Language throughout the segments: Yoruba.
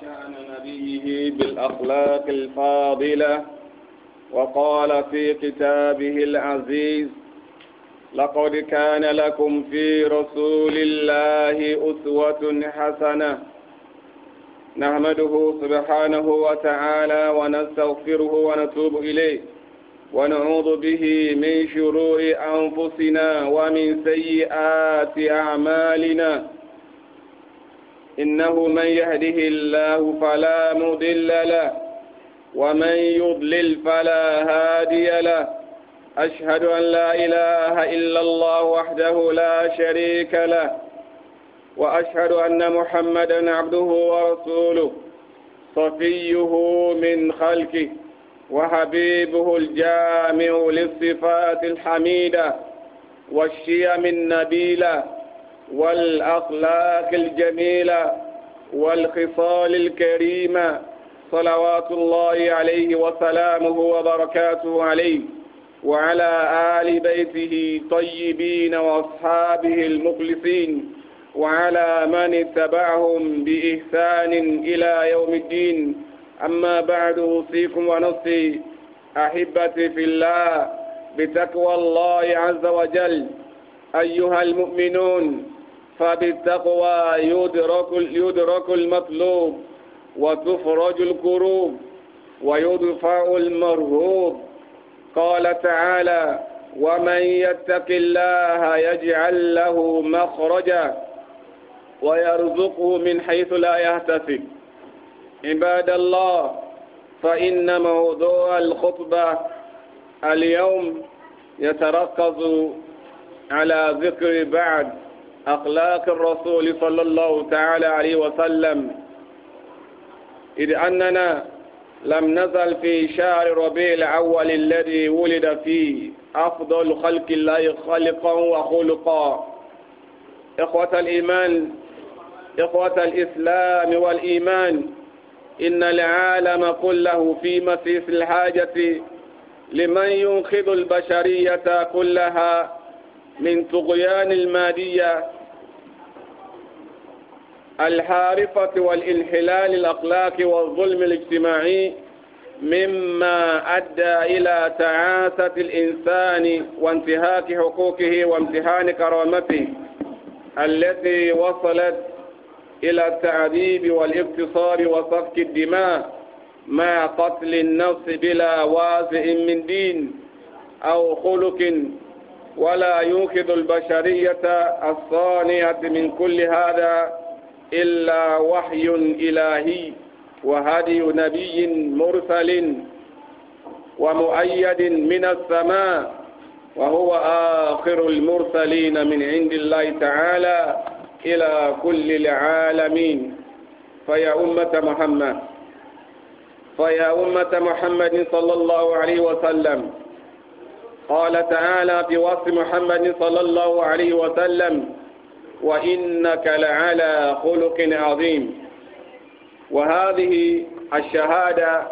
شأن نبيه بالأخلاق الفاضلة وقال في كتابه العزيز لقد كان لكم في رسول الله أسوة حسنة نحمده سبحانه وتعالى ونستغفره ونتوب إليه ونعوذ به من شرور أنفسنا ومن سيئات أعمالنا إنه من يهده الله فلا مضل له ومن يضلل فلا هادي له أشهد أن لا إله إلا الله وحده لا شريك له وأشهد أن محمدا عبده ورسوله صفيه من خلقه وحبيبه الجامع للصفات الحميدة والشيم النبيله والأخلاق الجميلة والخصال الكريمة صلوات الله عليه وسلامه وبركاته عليه وعلى آل بيته طيبين وأصحابه المخلصين وعلى من اتبعهم بإحسان إلى يوم الدين أما بعد أوصيكم ونفسي أحبتي في الله بتقوى الله عز وجل أيها المؤمنون فبالتقوى يدرك يدرك المطلوب وتفرج الكروب ويدفع المرهوب قال تعالى ومن يتق الله يجعل له مخرجا ويرزقه من حيث لا يحتسب عباد الله فإن موضوع الخطبة اليوم يتركز على ذكر بعد أخلاق الرسول صلى الله تعالى عليه وسلم إذ أننا لم نزل في شهر ربيع الأول الذي ولد فيه أفضل خلق الله خلقا وخلقا إخوة الإيمان إخوة الإسلام والإيمان إن العالم كله في مسيس الحاجة لمن ينقذ البشرية كلها من طغيان المادية الحارفة والانحلال الأخلاقي والظلم الاجتماعي مما أدى إلى تعاسة الإنسان وانتهاك حقوقه وامتحان كرامته التي وصلت إلى التعذيب والاغتصاب وسفك الدماء مع قتل النفس بلا وازع من دين أو خلق ولا ينقذ البشرية الصانعة من كل هذا إلا وحي إلهي وهدي نبي مرسل ومؤيد من السماء وهو آخر المرسلين من عند الله تعالى إلى كل العالمين فيا أمة محمد فيا أمة محمد صلى الله عليه وسلم قال تعالى في وصف محمد صلى الله عليه وسلم وإنك لعلى خلق عظيم وهذه الشهادة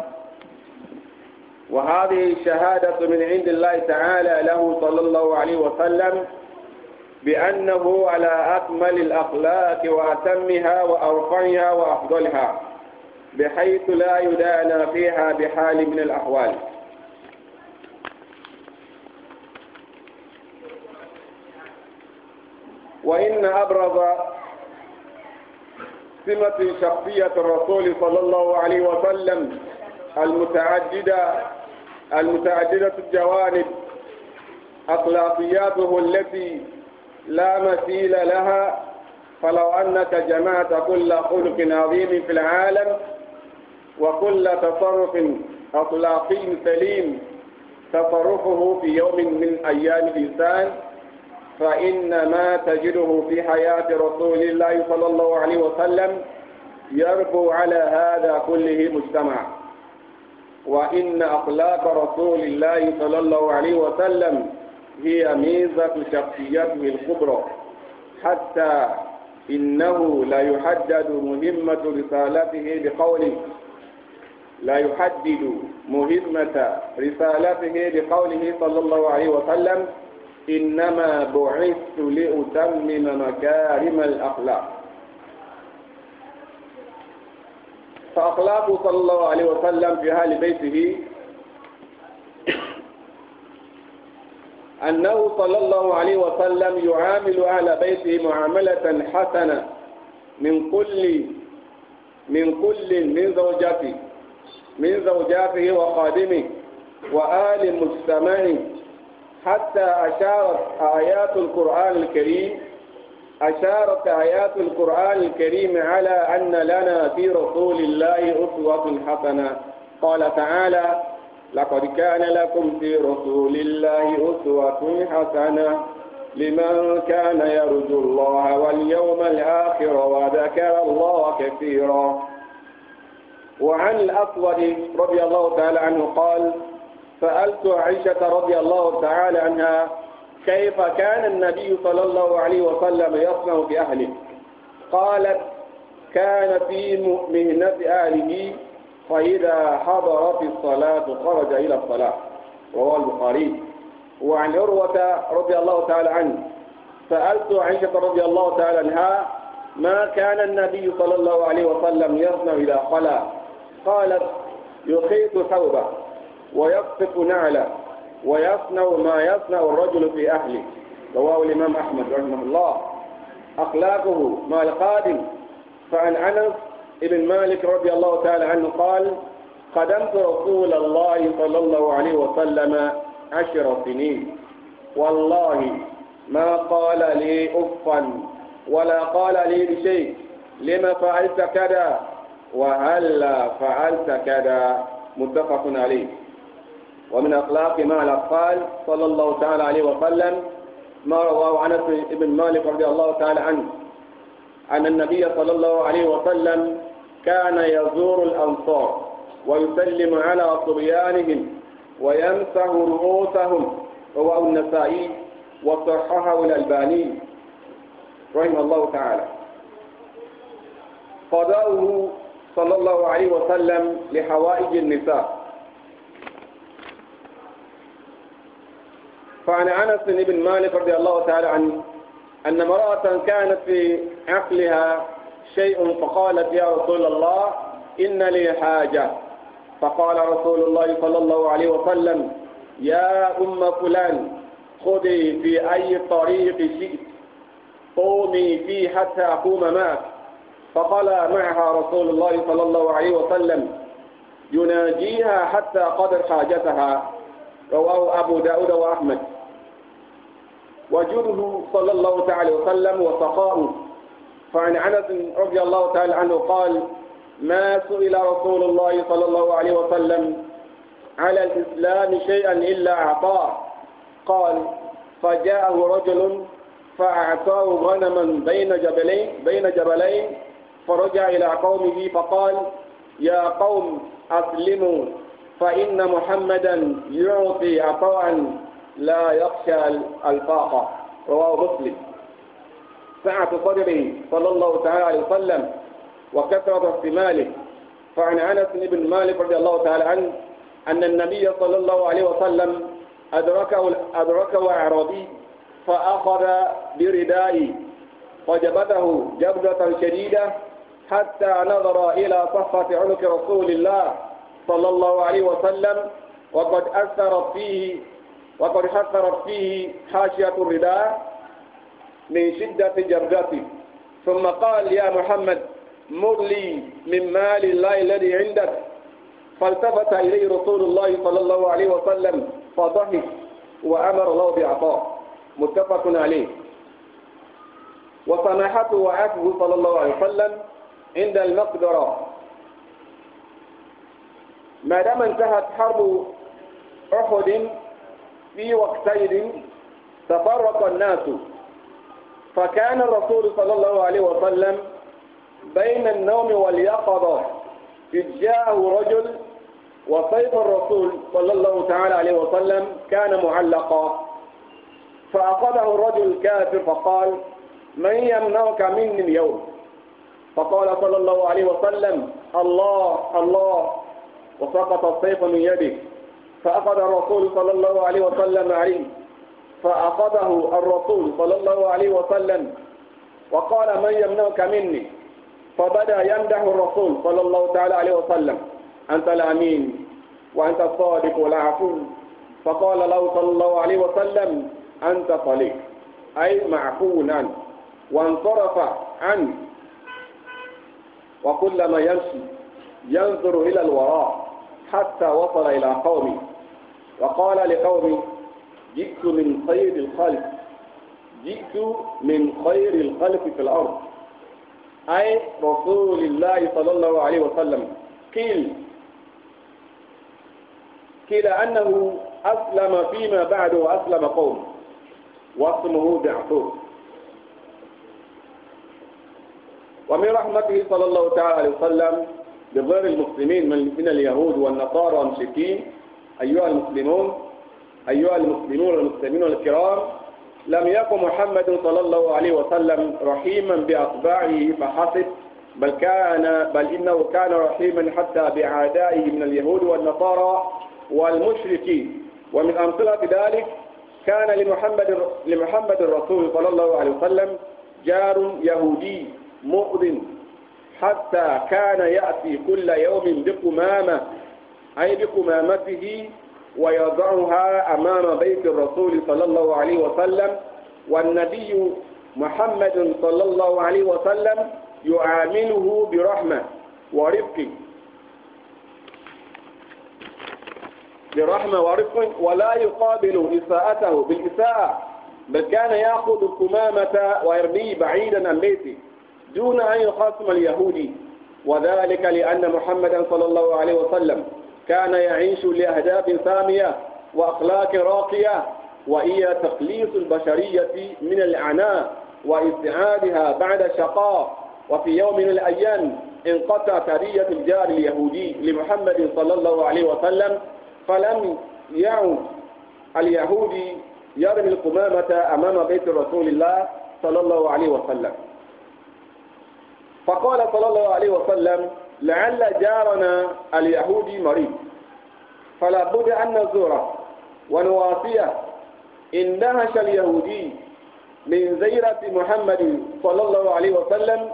وهذه الشهادة من عند الله تعالى له صلى الله عليه وسلم بأنه على أكمل الأخلاق وأتمها وأرفعها وأفضلها بحيث لا يدانى فيها بحال من الأحوال وإن أبرز سمة شخصية الرسول صلى الله عليه وسلم المتعددة المتعددة الجوانب أخلاقياته التي لا مثيل لها فلو أنك جمعت كل خلق عظيم في العالم وكل تصرف أخلاقي سليم تصرفه في يوم من أيام الإنسان فإن ما تجده في حياة رسول الله صلى الله عليه وسلم يربو على هذا كله مجتمع وإن أخلاق رسول الله صلى الله عليه وسلم هي ميزة شخصيته الكبرى حتى إنه لا يحدد مهمة رسالته بقوله لا يحدد مهمة رسالته بقوله صلى الله عليه وسلم إنما بعثت لأتمم مكارم الأخلاق فأخلاقه صلى الله عليه وسلم في أهل بيته أنه صلى الله عليه وسلم يعامل أهل بيته معاملة حسنة من كل من كل من زوجته من زوجاته وخادمه وآل مجتمعه حتى أشارت آيات القرآن الكريم أشارت آيات القرآن الكريم على أن لنا في رسول الله أسوة حسنة قال تعالى لقد كان لكم في رسول الله أسوة حسنة لمن كان يرجو الله واليوم الآخر وذكر الله كثيرا وعن الأسود رضي الله تعالى عنه قال سألت عائشة رضي الله تعالى عنها كيف كان النبي صلى الله عليه وسلم يصنع بأهله قالت كان في مهنة أهله فإذا حضرت الصلاة خرج إلى الصلاة رواه البخاري وعن عروة رضي الله تعالى عنه سألت عائشة رضي الله تعالى عنها ما كان النبي صلى الله عليه وسلم يصنع إذا خلا قالت يخيط ثوبه ويقصف نعله ويصنع ما يصنع الرجل في أهله رواه الإمام أحمد رحمه الله أخلاقه ما القادم فعن أنس بن مالك رضي الله تعالى عنه قال قدمت رسول الله صلى الله عليه وسلم عشر سنين والله ما قال لي أفا ولا قال لي بشيء لما فعلت كذا وهلا فعلت كذا متفق عليه ومن أخلاق مع الأطفال صلى الله تعالى عليه وسلم ما رواه عنس ابن مالك رضي الله تعالى عنه أن النبي صلى الله عليه وسلم كان يزور الأنصار ويسلم على صبيانهم ويمسح رؤوسهم رواه النسائي وصححه الألباني رحمه الله تعالى قضاؤه صلى الله عليه وسلم لحوائج النساء فعن أنس بن مالك رضي الله تعالى عنه أن امرأة كانت في عقلها شيء فقالت يا رسول الله إن لي حاجة فقال رسول الله صلى الله عليه وسلم يا أم فلان خذي في أي طريق شئت قومي فيه حتى أقوم معك فقال معها رسول الله صلى الله عليه وسلم يناجيها حتى قدر حاجتها رواه أبو داود وأحمد وجره صلى الله تعالى وسلم وسخاؤه فعن أنس رضي الله تعالى عنه قال ما سئل رسول الله صلى الله عليه وسلم على الإسلام شيئا إلا أعطاه قال فجاءه رجل فأعطاه غنما بين جبلين بين جبلين فرجع إلى قومه فقال يا قوم أسلموا فإن محمدا يعطي عطاء لا يخشى الفاقة رواه مسلم سعة صدره صلى الله تعالى عليه وسلم وكثرة احتماله فعن أنس بن مالك رضي الله تعالى عنه أن النبي صلى الله عليه وسلم أدركه أدركه أعرابي فأخذ بردائي فجبته جبدة شديدة حتى نظر إلى صفة عنق رسول الله صلى الله عليه وسلم وقد أثرت فيه وقد حقرت فيه حاشية الرداء من شدة جرجته ثم قال يا محمد مر لي من مال الله الذي عندك فالتفت إليه رسول الله صلى الله عليه وسلم فضحك وأمر الله بعطاء متفق عليه وسماحته وعفوه صلى الله عليه وسلم عند المقدرة ما دام انتهت حرب أحد في وقتين تفرق الناس فكان الرسول صلى الله عليه وسلم بين النوم واليقظة إذ جاءه رجل وسيف الرسول صلى الله تعالى عليه وسلم كان معلقا فأخذه الرجل الكافر فقال من يمنعك مني اليوم فقال صلى الله عليه وسلم الله الله وسقط السيف من يده فأخذ الرسول صلى الله عليه وسلم عليه فأخذه الرسول صلى الله عليه وسلم وقال من يمنعك مني فبدأ يمدح الرسول صلى الله تعالى عليه وسلم أنت الأمين وأنت الصادق والعفو فقال له صلى الله عليه وسلم أنت صليق أي معفون عنه وانصرف عنه وكلما يمشي ينظر إلى الوراء حتى وصل إلى قومه وقال لقومي جئت من خير الخلق جئت من خير الخلق في الأرض أي رسول الله صلى الله عليه وسلم قيل قيل أنه أسلم فيما بعد وأسلم قوم واسمه بعثور ومن رحمته صلى الله تعالى عليه وسلم بغير المسلمين من اليهود والنصارى والمشركين أيها المسلمون أيها المسلمون المسلمين الكرام لم يكن محمد صلى الله عليه وسلم رحيما بأطباعه فحسب بل كان بل إنه كان رحيما حتى بأعدائه من اليهود والنصارى والمشركين ومن أمثلة ذلك كان لمحمد لمحمد الرسول صلى الله عليه وسلم جار يهودي مؤذن حتى كان يأتي كل يوم بقمامة أي بقمامته ويضعها أمام بيت الرسول صلى الله عليه وسلم والنبي محمد صلى الله عليه وسلم يعامله برحمة ورفق برحمة ورفق ولا يقابل إساءته بالإساءة بل كان يأخذ الكمامة ويرميه بعيدا عن بيته دون أن يخاصم اليهودي وذلك لأن محمدا صلى الله عليه وسلم كان يعيش لأهداف سامية وأخلاق راقية وهي تخليص البشرية من العناء وإبتعادها بعد الشقاء وفي يوم من الأيام انقطع ثرية الجار اليهودي لمحمد صلى الله عليه وسلم فلم يعد اليهودي يرمي القمامة أمام بيت رسول الله صلى الله عليه وسلم فقال صلى الله عليه وسلم لعل جارنا اليهودي مريض فلا بد أن نزوره ونوافيه اندهش اليهودي من زيرة محمد صلى الله عليه وسلم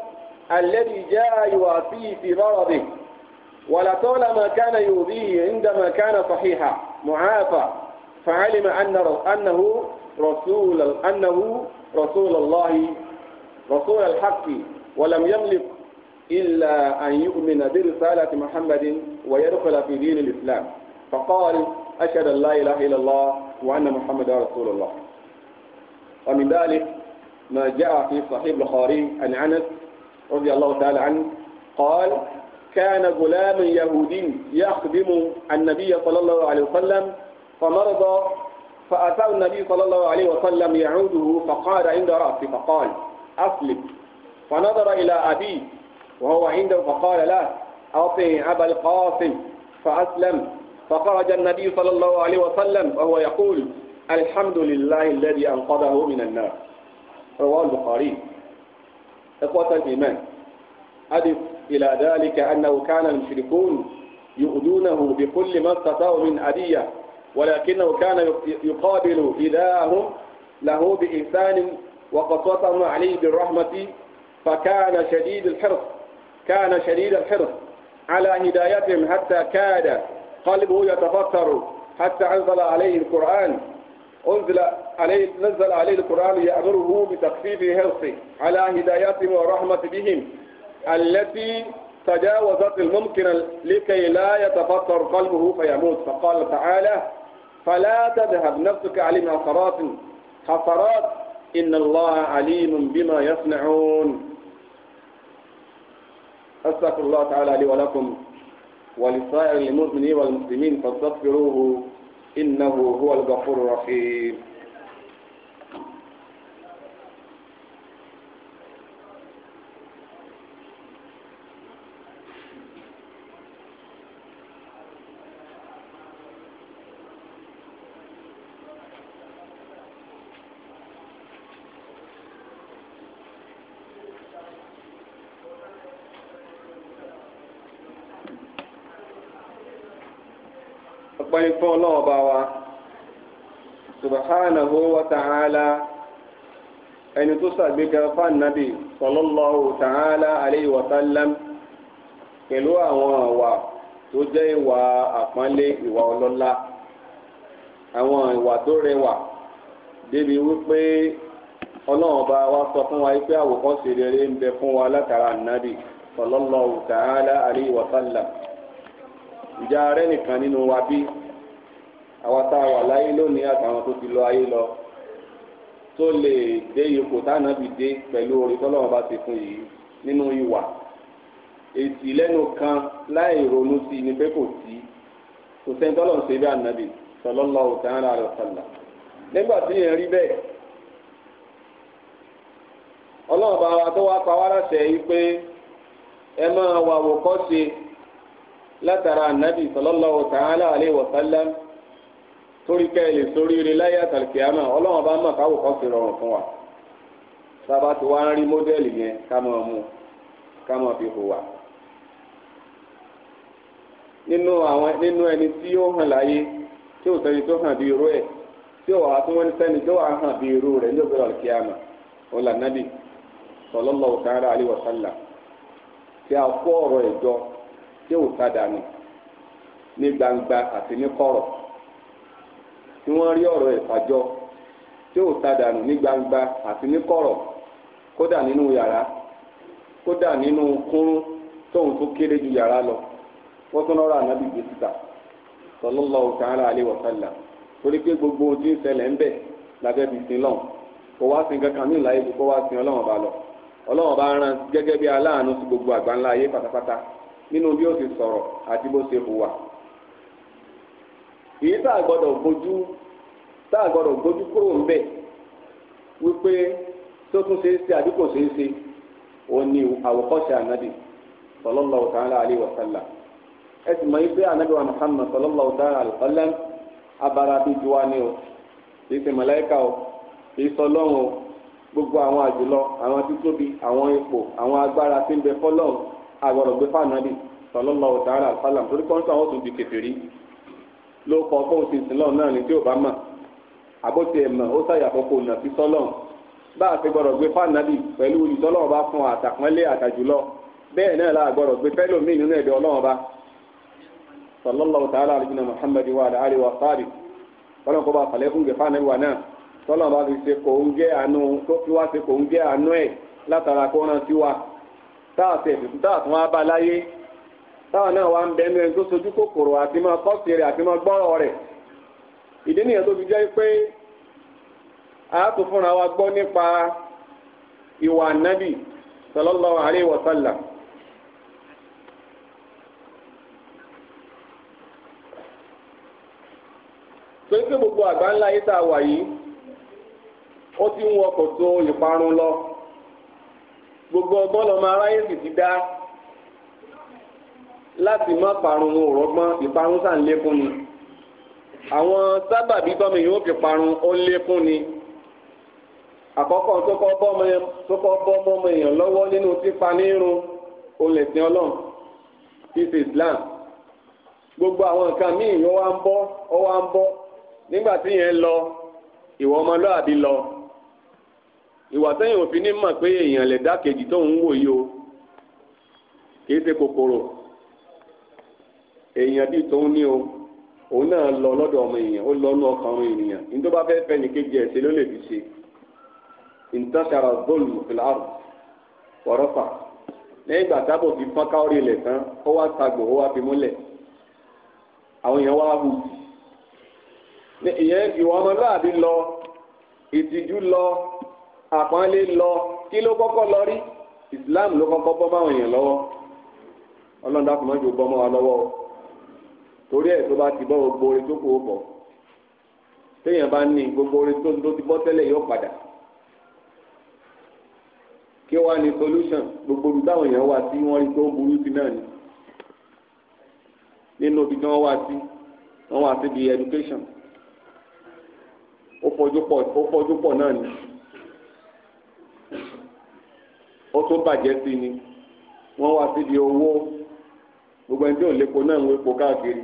الذي جاء يوافيه في مرضه ولطالما كان يؤذيه عندما كان صحيحا معافى فعلم أن أنه رسول أنه رسول الله رسول الحق ولم يملك إلا أن يؤمن برسالة محمد ويدخل في دين الإسلام فقال أشهد أن لا إله إلا الله وأن محمدا رسول الله ومن ذلك ما جاء في صحيح البخاري عن أنس رضي الله تعالى عنه قال كان غلام يهودي يخدم النبي صلى الله عليه وسلم فمرض فأتى النبي صلى الله عليه وسلم يعوده فقال عند رأسه فقال أسلم فنظر إلى أبيه وهو عنده فقال له اطع أبا القاسم فأسلم فخرج النبي صلى الله عليه وسلم وهو يقول الحمد لله الذي أنقذه من النار رواه البخاري إخوة الإيمان أضف إلى ذلك أنه كان المشركون يؤذونه بكل ما استطاعوا من أذية ولكنه كان يقابل إذاهم له بإحسان وقصتهم عليه بالرحمة فكان شديد الحرص كان شديد الحرص على هدايتهم حتى كاد قلبه يتفطر حتى أنزل عليه القرآن أنزل عليه نزل عليه القرآن يأمره بتخفيف حرصه على هدايتهم والرحمة بهم التي تجاوزت الممكن لكي لا يتفطر قلبه فيموت فقال تعالى فلا تذهب نفسك عليهم حسرات حسرات إن الله عليم بما يصنعون أستغفر الله تعالى لي ولكم ولسائر المؤمنين والمسلمين فاستغفروه إنه هو الغفور الرحيم fún ọlọ́ọ̀bá wa subhanahu wa ta'ala ẹni tó ṣàgbéga fánàbì sallallahu ta'ala alayhi pẹ̀lú àwọn àwà tó jẹ́ ìwà ìwà ọlọ́lá àwọn ìwà tó rẹwà débi wípé wa sọ fún wa ń bẹ fún wa látara ànábì ìjà rẹ àwa tá a wà láyé lónìí àtàwọn tó ti lọ ayé lọ tó lè dé ipò tánàbì dé pẹ̀lú orí tọ́lọ́wọ́n bá ti fún yìí nínú ìwà èsì lẹ́nu kan láì ronú sí i ni pé kò sí kò sẹ́ni tọ́lọ́wọ́n ṣe bí ànábì sallallahu ta'ala alaihi wasallam nígbà tí yẹn rí bẹ́ẹ̀ ọlọ́run bá wa tó wá pa wá láṣẹ yìí pé ẹ máa wà kọ́ ṣe látara ànábì sallallahu ta'ala alaihi wasallam torí ká ẹ lè soríire láyé àtàlùkìyàmà ọlọ́run bá mọ̀ káwò kan fi rọrùn fún wa sábà tí wàá ń rí mọ́dẹ́lì yẹn ká mọ̀ mú ká mọ̀ fi hùwà. nínú àwọn nínú ẹni tí ó hàn láyé tí ò sẹ́ni tó hàn bí irú ẹ̀ tí ò wà tí wọ́n sẹ́ni tó wà hàn bí irú rẹ̀ ní òbílẹ̀ àtàlùkìyàmà ọ̀là nàbì sallallahu ta'ala alaihi tí a kó ọ̀rọ̀ ìjọ tí ò sádà ní ní gbangba àti ní kọ̀rọ̀ tí wọ́n rí ọ̀rọ̀ ìfàjọ tí ò tadànù ní gbangba àti ní kọ̀rọ̀ kódà nínú yàrá kódà nínú kúrún tóun tó kéré ju yàrá lọ wọ́n tún lọ́rọ̀ ànábì gbé síta sallallahu ta'ala alaihi gbogbo ohun tí ń ṣẹlẹ̀ ń bẹ̀ lábẹ́ sin lọ́hùn kò lọ ọlọ́wọ́n bá rán èyí tá a gbọ́dọ̀ gbójú tá a gbọ́dọ̀ gbójú kúrò ń bẹ wípé tó tún ṣeé ṣe àbí kò ṣeé ṣe òun ni àwòkọ́ṣe ànábì sallallahu ta'ala alaihi wa sallam ẹ sì mọ̀ yín pé ànábì wa Muhammad sallallahu ta'ala alaihi wa sallam abara bíi ju wa ni o kì í ṣe màláíkà o kì í ṣe Ọlọ́run o gbogbo àwọn àjùlọ àwọn títóbi àwọn ipò àwọn agbára tí ń bẹ fọ́lọ́run àgbọ́dọ̀ gbé fáànàbì sallallahu ta'ala torí kọ́ńtà wọn tún di kèfèrí ló kọ fóun ti sìn lọ́run náà ní tí ò bá mọ̀ àbótí ẹ̀ mọ̀ ó ṣàyàfọ́ kò nà sí sọ́lọ́run bá a ti gbọ́dọ̀ gbé fànàbì pẹ̀lú ìtọ́lọ́run bá fún àtàpọ́nlé àtàjùlọ bẹ́ẹ̀ náà la gbọ́dọ̀ gbé fẹ́lòmíì nínú ẹ̀dẹ̀ ọlọ́run bá sallallahu ta'ala alayhi wa muhammad wa ala alihi wa sahbihi kọlọ́n kó bá falẹ̀ fún gẹ̀fà náà wà náà tọ́lọ́n bá fi ṣe kò ń gẹ́ àánú tó fi wá ṣe kò ń gẹ́ àánú ẹ̀ látara kó rán sí wa táàtẹ̀ tuntun táàtún wá bá láyé táwọn náà wà ń bẹ́ẹ̀ mẹ́rin tó sojú kòkòrò àti máa kọ́sì rẹ̀ àti máa gbọ́rọ̀ rẹ̀ ìdí nìyẹn tó fi jẹ́ pé wa gbọ́ nípa ìwà nábì torí pé gbogbo àgbá ńlá yìí tá a wà yìí ó ti ń wọkọ̀ tó ìparun lọ gbogbo ọgbọ́n lọ́mọ aráyé sì ti láti má parun wọn ò rọgbọ́n ìparun sàn lékún ni àwọn sábàbí tọ́mọ yìí ó fi parun ó lékún ni àkọ́kọ́ tó kọ́ bọ́ mọ́mọ èèyàn lọ́wọ́ nínú pípa nírun olùsìn ọlọ́run fífi Islam gbogbo àwọn nǹkan míì ló wá ń bọ́ ó wá ń bọ́ nígbà tí yẹn lọ ìwọ ọmọlúàbí lọ ìwà sẹ́yìn òfin ní mọ̀ pé èèyàn lè kejì tóun ń wò yìí o kì í ṣe kòkòrò èèyàn bíi tòun ní o òun náà lọ lọ́dọ̀ ọmọ èèyàn ó lọ́nu ọkàn ọmọ ènìyàn ní tó bá fẹ́ fẹ́ ní kejì ẹ̀ ṣe ló lè fi ṣe ìtàṣàrà bọ́ọ̀lù fìlàrù wọ́rọ́fà lẹ́yìn ìgbà tábò fi fọ́n káórí ilẹ̀ tán ó wá tagbò ó wá fi múlẹ̀ àwọn èèyàn wá hù ìyẹn ìwà ọmọlúwàbí lọ ìtìjú lọ àpọ́nlé lọ kí ló kọ́kọ́ lọ rí ìsìláàmù ló kọ́kọ́ bọ́ máwọn èèyàn lọ́wọ́ ọlọ́run dákùnmọ́jú bọ́ mọ́ lọ́wọ́ o torí ẹ̀ tó bá ti bọ́ gbogbo orin tó kó o bọ̀ téèyàn bá ní gbogbo orin tó tó ti bọ́ tẹ́lẹ̀ yóò padà kí wàá ní solution gbogbo ibi táwọn èèyàn sí wọ́n rí tó burú sí náà ni nínú ibi tí wọ́n wá sí wọ́n wá síbi education ó fojú pọ̀ ó fojú pọ̀ náà ni ó tún bàjẹ́ sí ni wọ́n wá síbi owó gbogbo ẹni tí ò lépo náà ń wépo káàkiri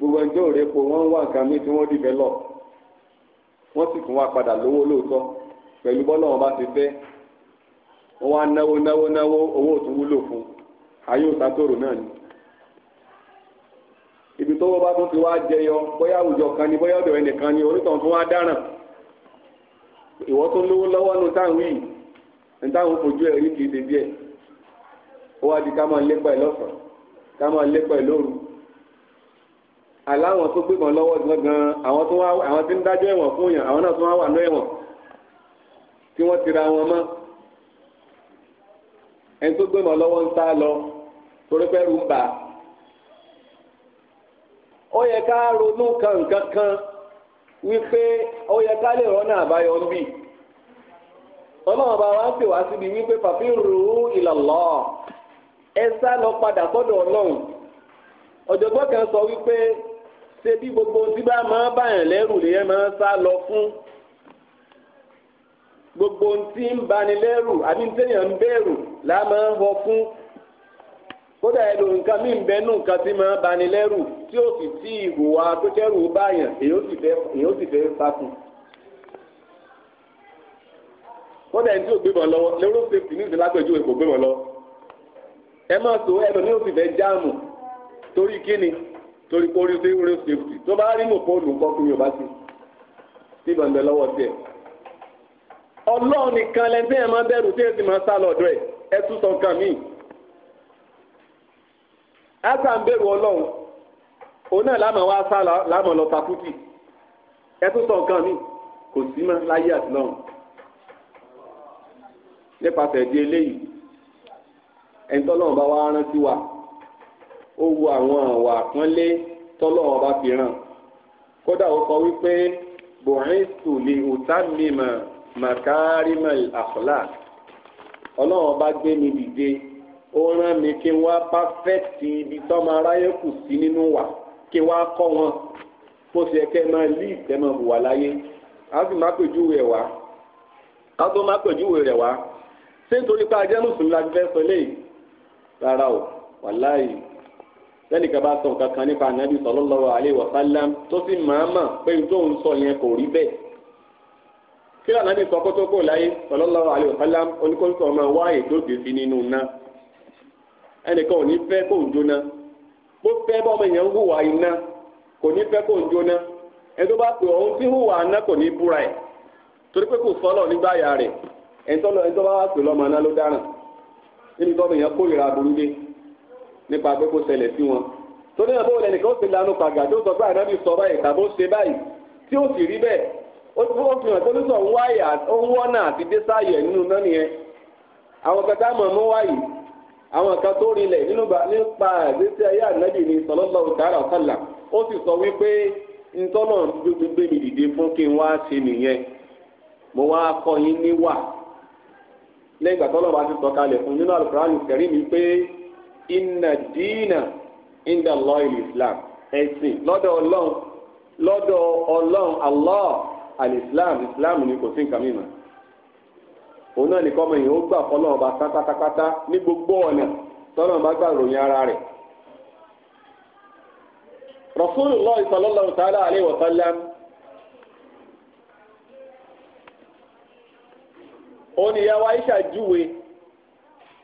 gbogbo ẹjọ́ tó rẹ po wọ́n ń wá nǹkan míì tí wọ́n develop wọ́n sì tún wá padà lówó lóòótọ́ pẹ̀lú bọ́lá wọn bá ti fẹ́ wọ́n wá náwó náwó náwó owó òtún wúlò fún ayé òtátòrò náà ni ibi tó wọ́n bá tún ti wá jẹyọ bóyá àwùjọ kan ni bóyá ọ̀dọ̀ ẹnìkan ni onítàn tún wá dáràn tó lówó lọ́wọ́ nu táwọn yìí ní táwọn fojú kì í ṣe ó wá di ká aláwọn tó gbébọn lọ́wọ́ gan àwọn tó wá àwọn tí ń dájọ́ ẹ̀wọ̀n fún yàn àwọn náà tó wá wà ní ẹ̀wọ̀n tí wọ́n ti ra wọn mọ́ ẹni tó gbébọn lọ́wọ́ ń sá lọ torí fẹ́ rú bà á ó yẹ ká ronú kan nǹkan kan wípé ó yẹ ká lè rọ́nà àbáyọ ń bì ọlọ́run bá wa ń pè wá síbi wípé fàfihàn ìlọ̀lọ́ ẹ sá lọ padà sọ́dọ̀ ọlọ́run ọ̀jọ̀gbọ́n kan sọ wípé ṣe bí gbogbo tí bá máa báyàn lẹ́rù lèyẹn máa sá lọ fún gbogbo tí ń bani lẹ́rù àbí ń tẹ̀yàn ń bẹ̀rù là máa ń họ fún kódà ẹ lo nǹkan mí ń bẹ nù nǹkan tí máa bani lẹ́rù tí ó sì tí ìwò wa tó kẹ́rù báyàn èyí ó sì fẹ́ fakùn kódà ẹni tí ò gbébọn lọ́wọ́ lérò sèpì ní ìsìn lápẹjù èkó gbébọn lọ ẹ máa sọ ẹ lọ ní òsì fẹ́ jáàmù torí kíni torí pé orí sí orí safety tó bá rí mọ̀ fóònù nǹkan fún mi ò bá sí sí ìbànújẹ́ lọ́wọ́ tiẹ̀. ọlọ́run nìkan lẹ́ni tí ẹ̀ máa bẹ̀rù tí ẹ̀ sì máa sá lọ́dọ̀ ẹ̀ ẹ̀ tún sọ nǹkan míì. ásà ń bẹ̀rù ọlọ́run òun náà lámà wá sá lámà lọ takútì ẹ̀ tún sọ nǹkan míì kò sí mọ́ láyé àti lọ́run. nípasẹ̀ di eléyìí ẹ̀ńtọ́ lọ́run bá wá rántí wa ó wo àwọn àwọ̀ àpọ́nlé tọ́lọ́wọ́n bá fi ràn kódà ó sọ wípé bùrẹ́sù lè òtá mímọ̀ màkàrímọ̀ àkọlà ọlọ́wọ́n bá gbé mi dìde ó rán mi kí wá pàfẹ́tì ibi tọ́mọ aráyé kù sí nínú wa kí n wá kọ́ wọn bó ṣe kẹ́ máa lé ìtẹ́ máa hùwà láyé á sì má pèjúwe ẹ̀ wá á tó má pèjúwe rẹ̀ wá ṣé nítorí pé ajẹ́ mùsùlùmí la ti fẹ́ sọ léyìí rárá o wàláyìí. lẹ́nìkan bá sọ nǹkan kan anadi ànábì sallallahu alaihi wasallam tó sì màámà n tó ń sọ yẹn kò rí bẹ́ẹ̀ kí ànábì sọ kó tó kó láyé sallallahu alaihi wasallam oníkóńtò ọmọ wá ètò nínú na. ẹnìkan ò ní fẹ́ kó ń jóná bó fẹ́ bọ́mọ yẹn ń hùwà kò ní fẹ́ kó ń nípa pé kó ṣẹlẹ̀ sí wọn torí náà bóun ẹnìkan ó ti lanu pàgà tó sọ pé sọ báyìí tàbí ó ṣe báyìí tí ó sì rí bẹ́ẹ̀ ó fi hàn pé ó ń wáyà ó ń wọ́nà àti dé nínú náà nìyẹn àwọn kan tá a mọ̀ mú wáyìí àwọn kan tó rinlẹ̀ nínú nípa àgbésí ayé ànábì ni sallallahu ta'ala ó sì sọ wípé ntọ́nà mi dìde fún kí n wá ṣe nìyẹn wá kọ́ yín níwà lẹ́yìn ìgbà tọ́lọ́ inna dina inda allah islam ẹ̀sìn lọ́dọ̀ ọlọ́run lọ́dọ̀ ọlọ́run allah alislam islam ni kò sí nǹkan mìíràn òun náà nìkan ọmọ yìí ó gbà fọlọ́run ọba pátápátá ní gbogbo ọ̀nà tọ́lọ́run bá gbà ròyìn ara rẹ̀ rasulullah sallallahu ta'ala alayhi wa sallam ó Aisha júwe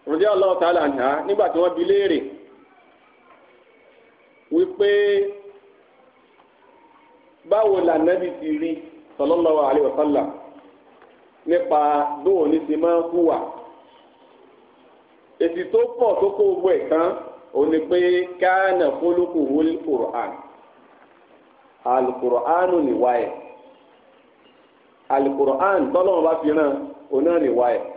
rọ̀dí Allah ta'ala anha nígbà tí wọ́n bi léèrè wípé báwo la nàbì ti rí sallallahu alaihi wasallam nípa bóun ní ti máa ń hùwà èsì tó pọ̀ tó kó gbogbo ẹ̀ òun ni pé káànà fólókù wúlí Qur'an alukur'anu nìwáyẹ̀ alukur'an tọ́lọ́mọba fi ràn òun náà nìwáyẹ̀.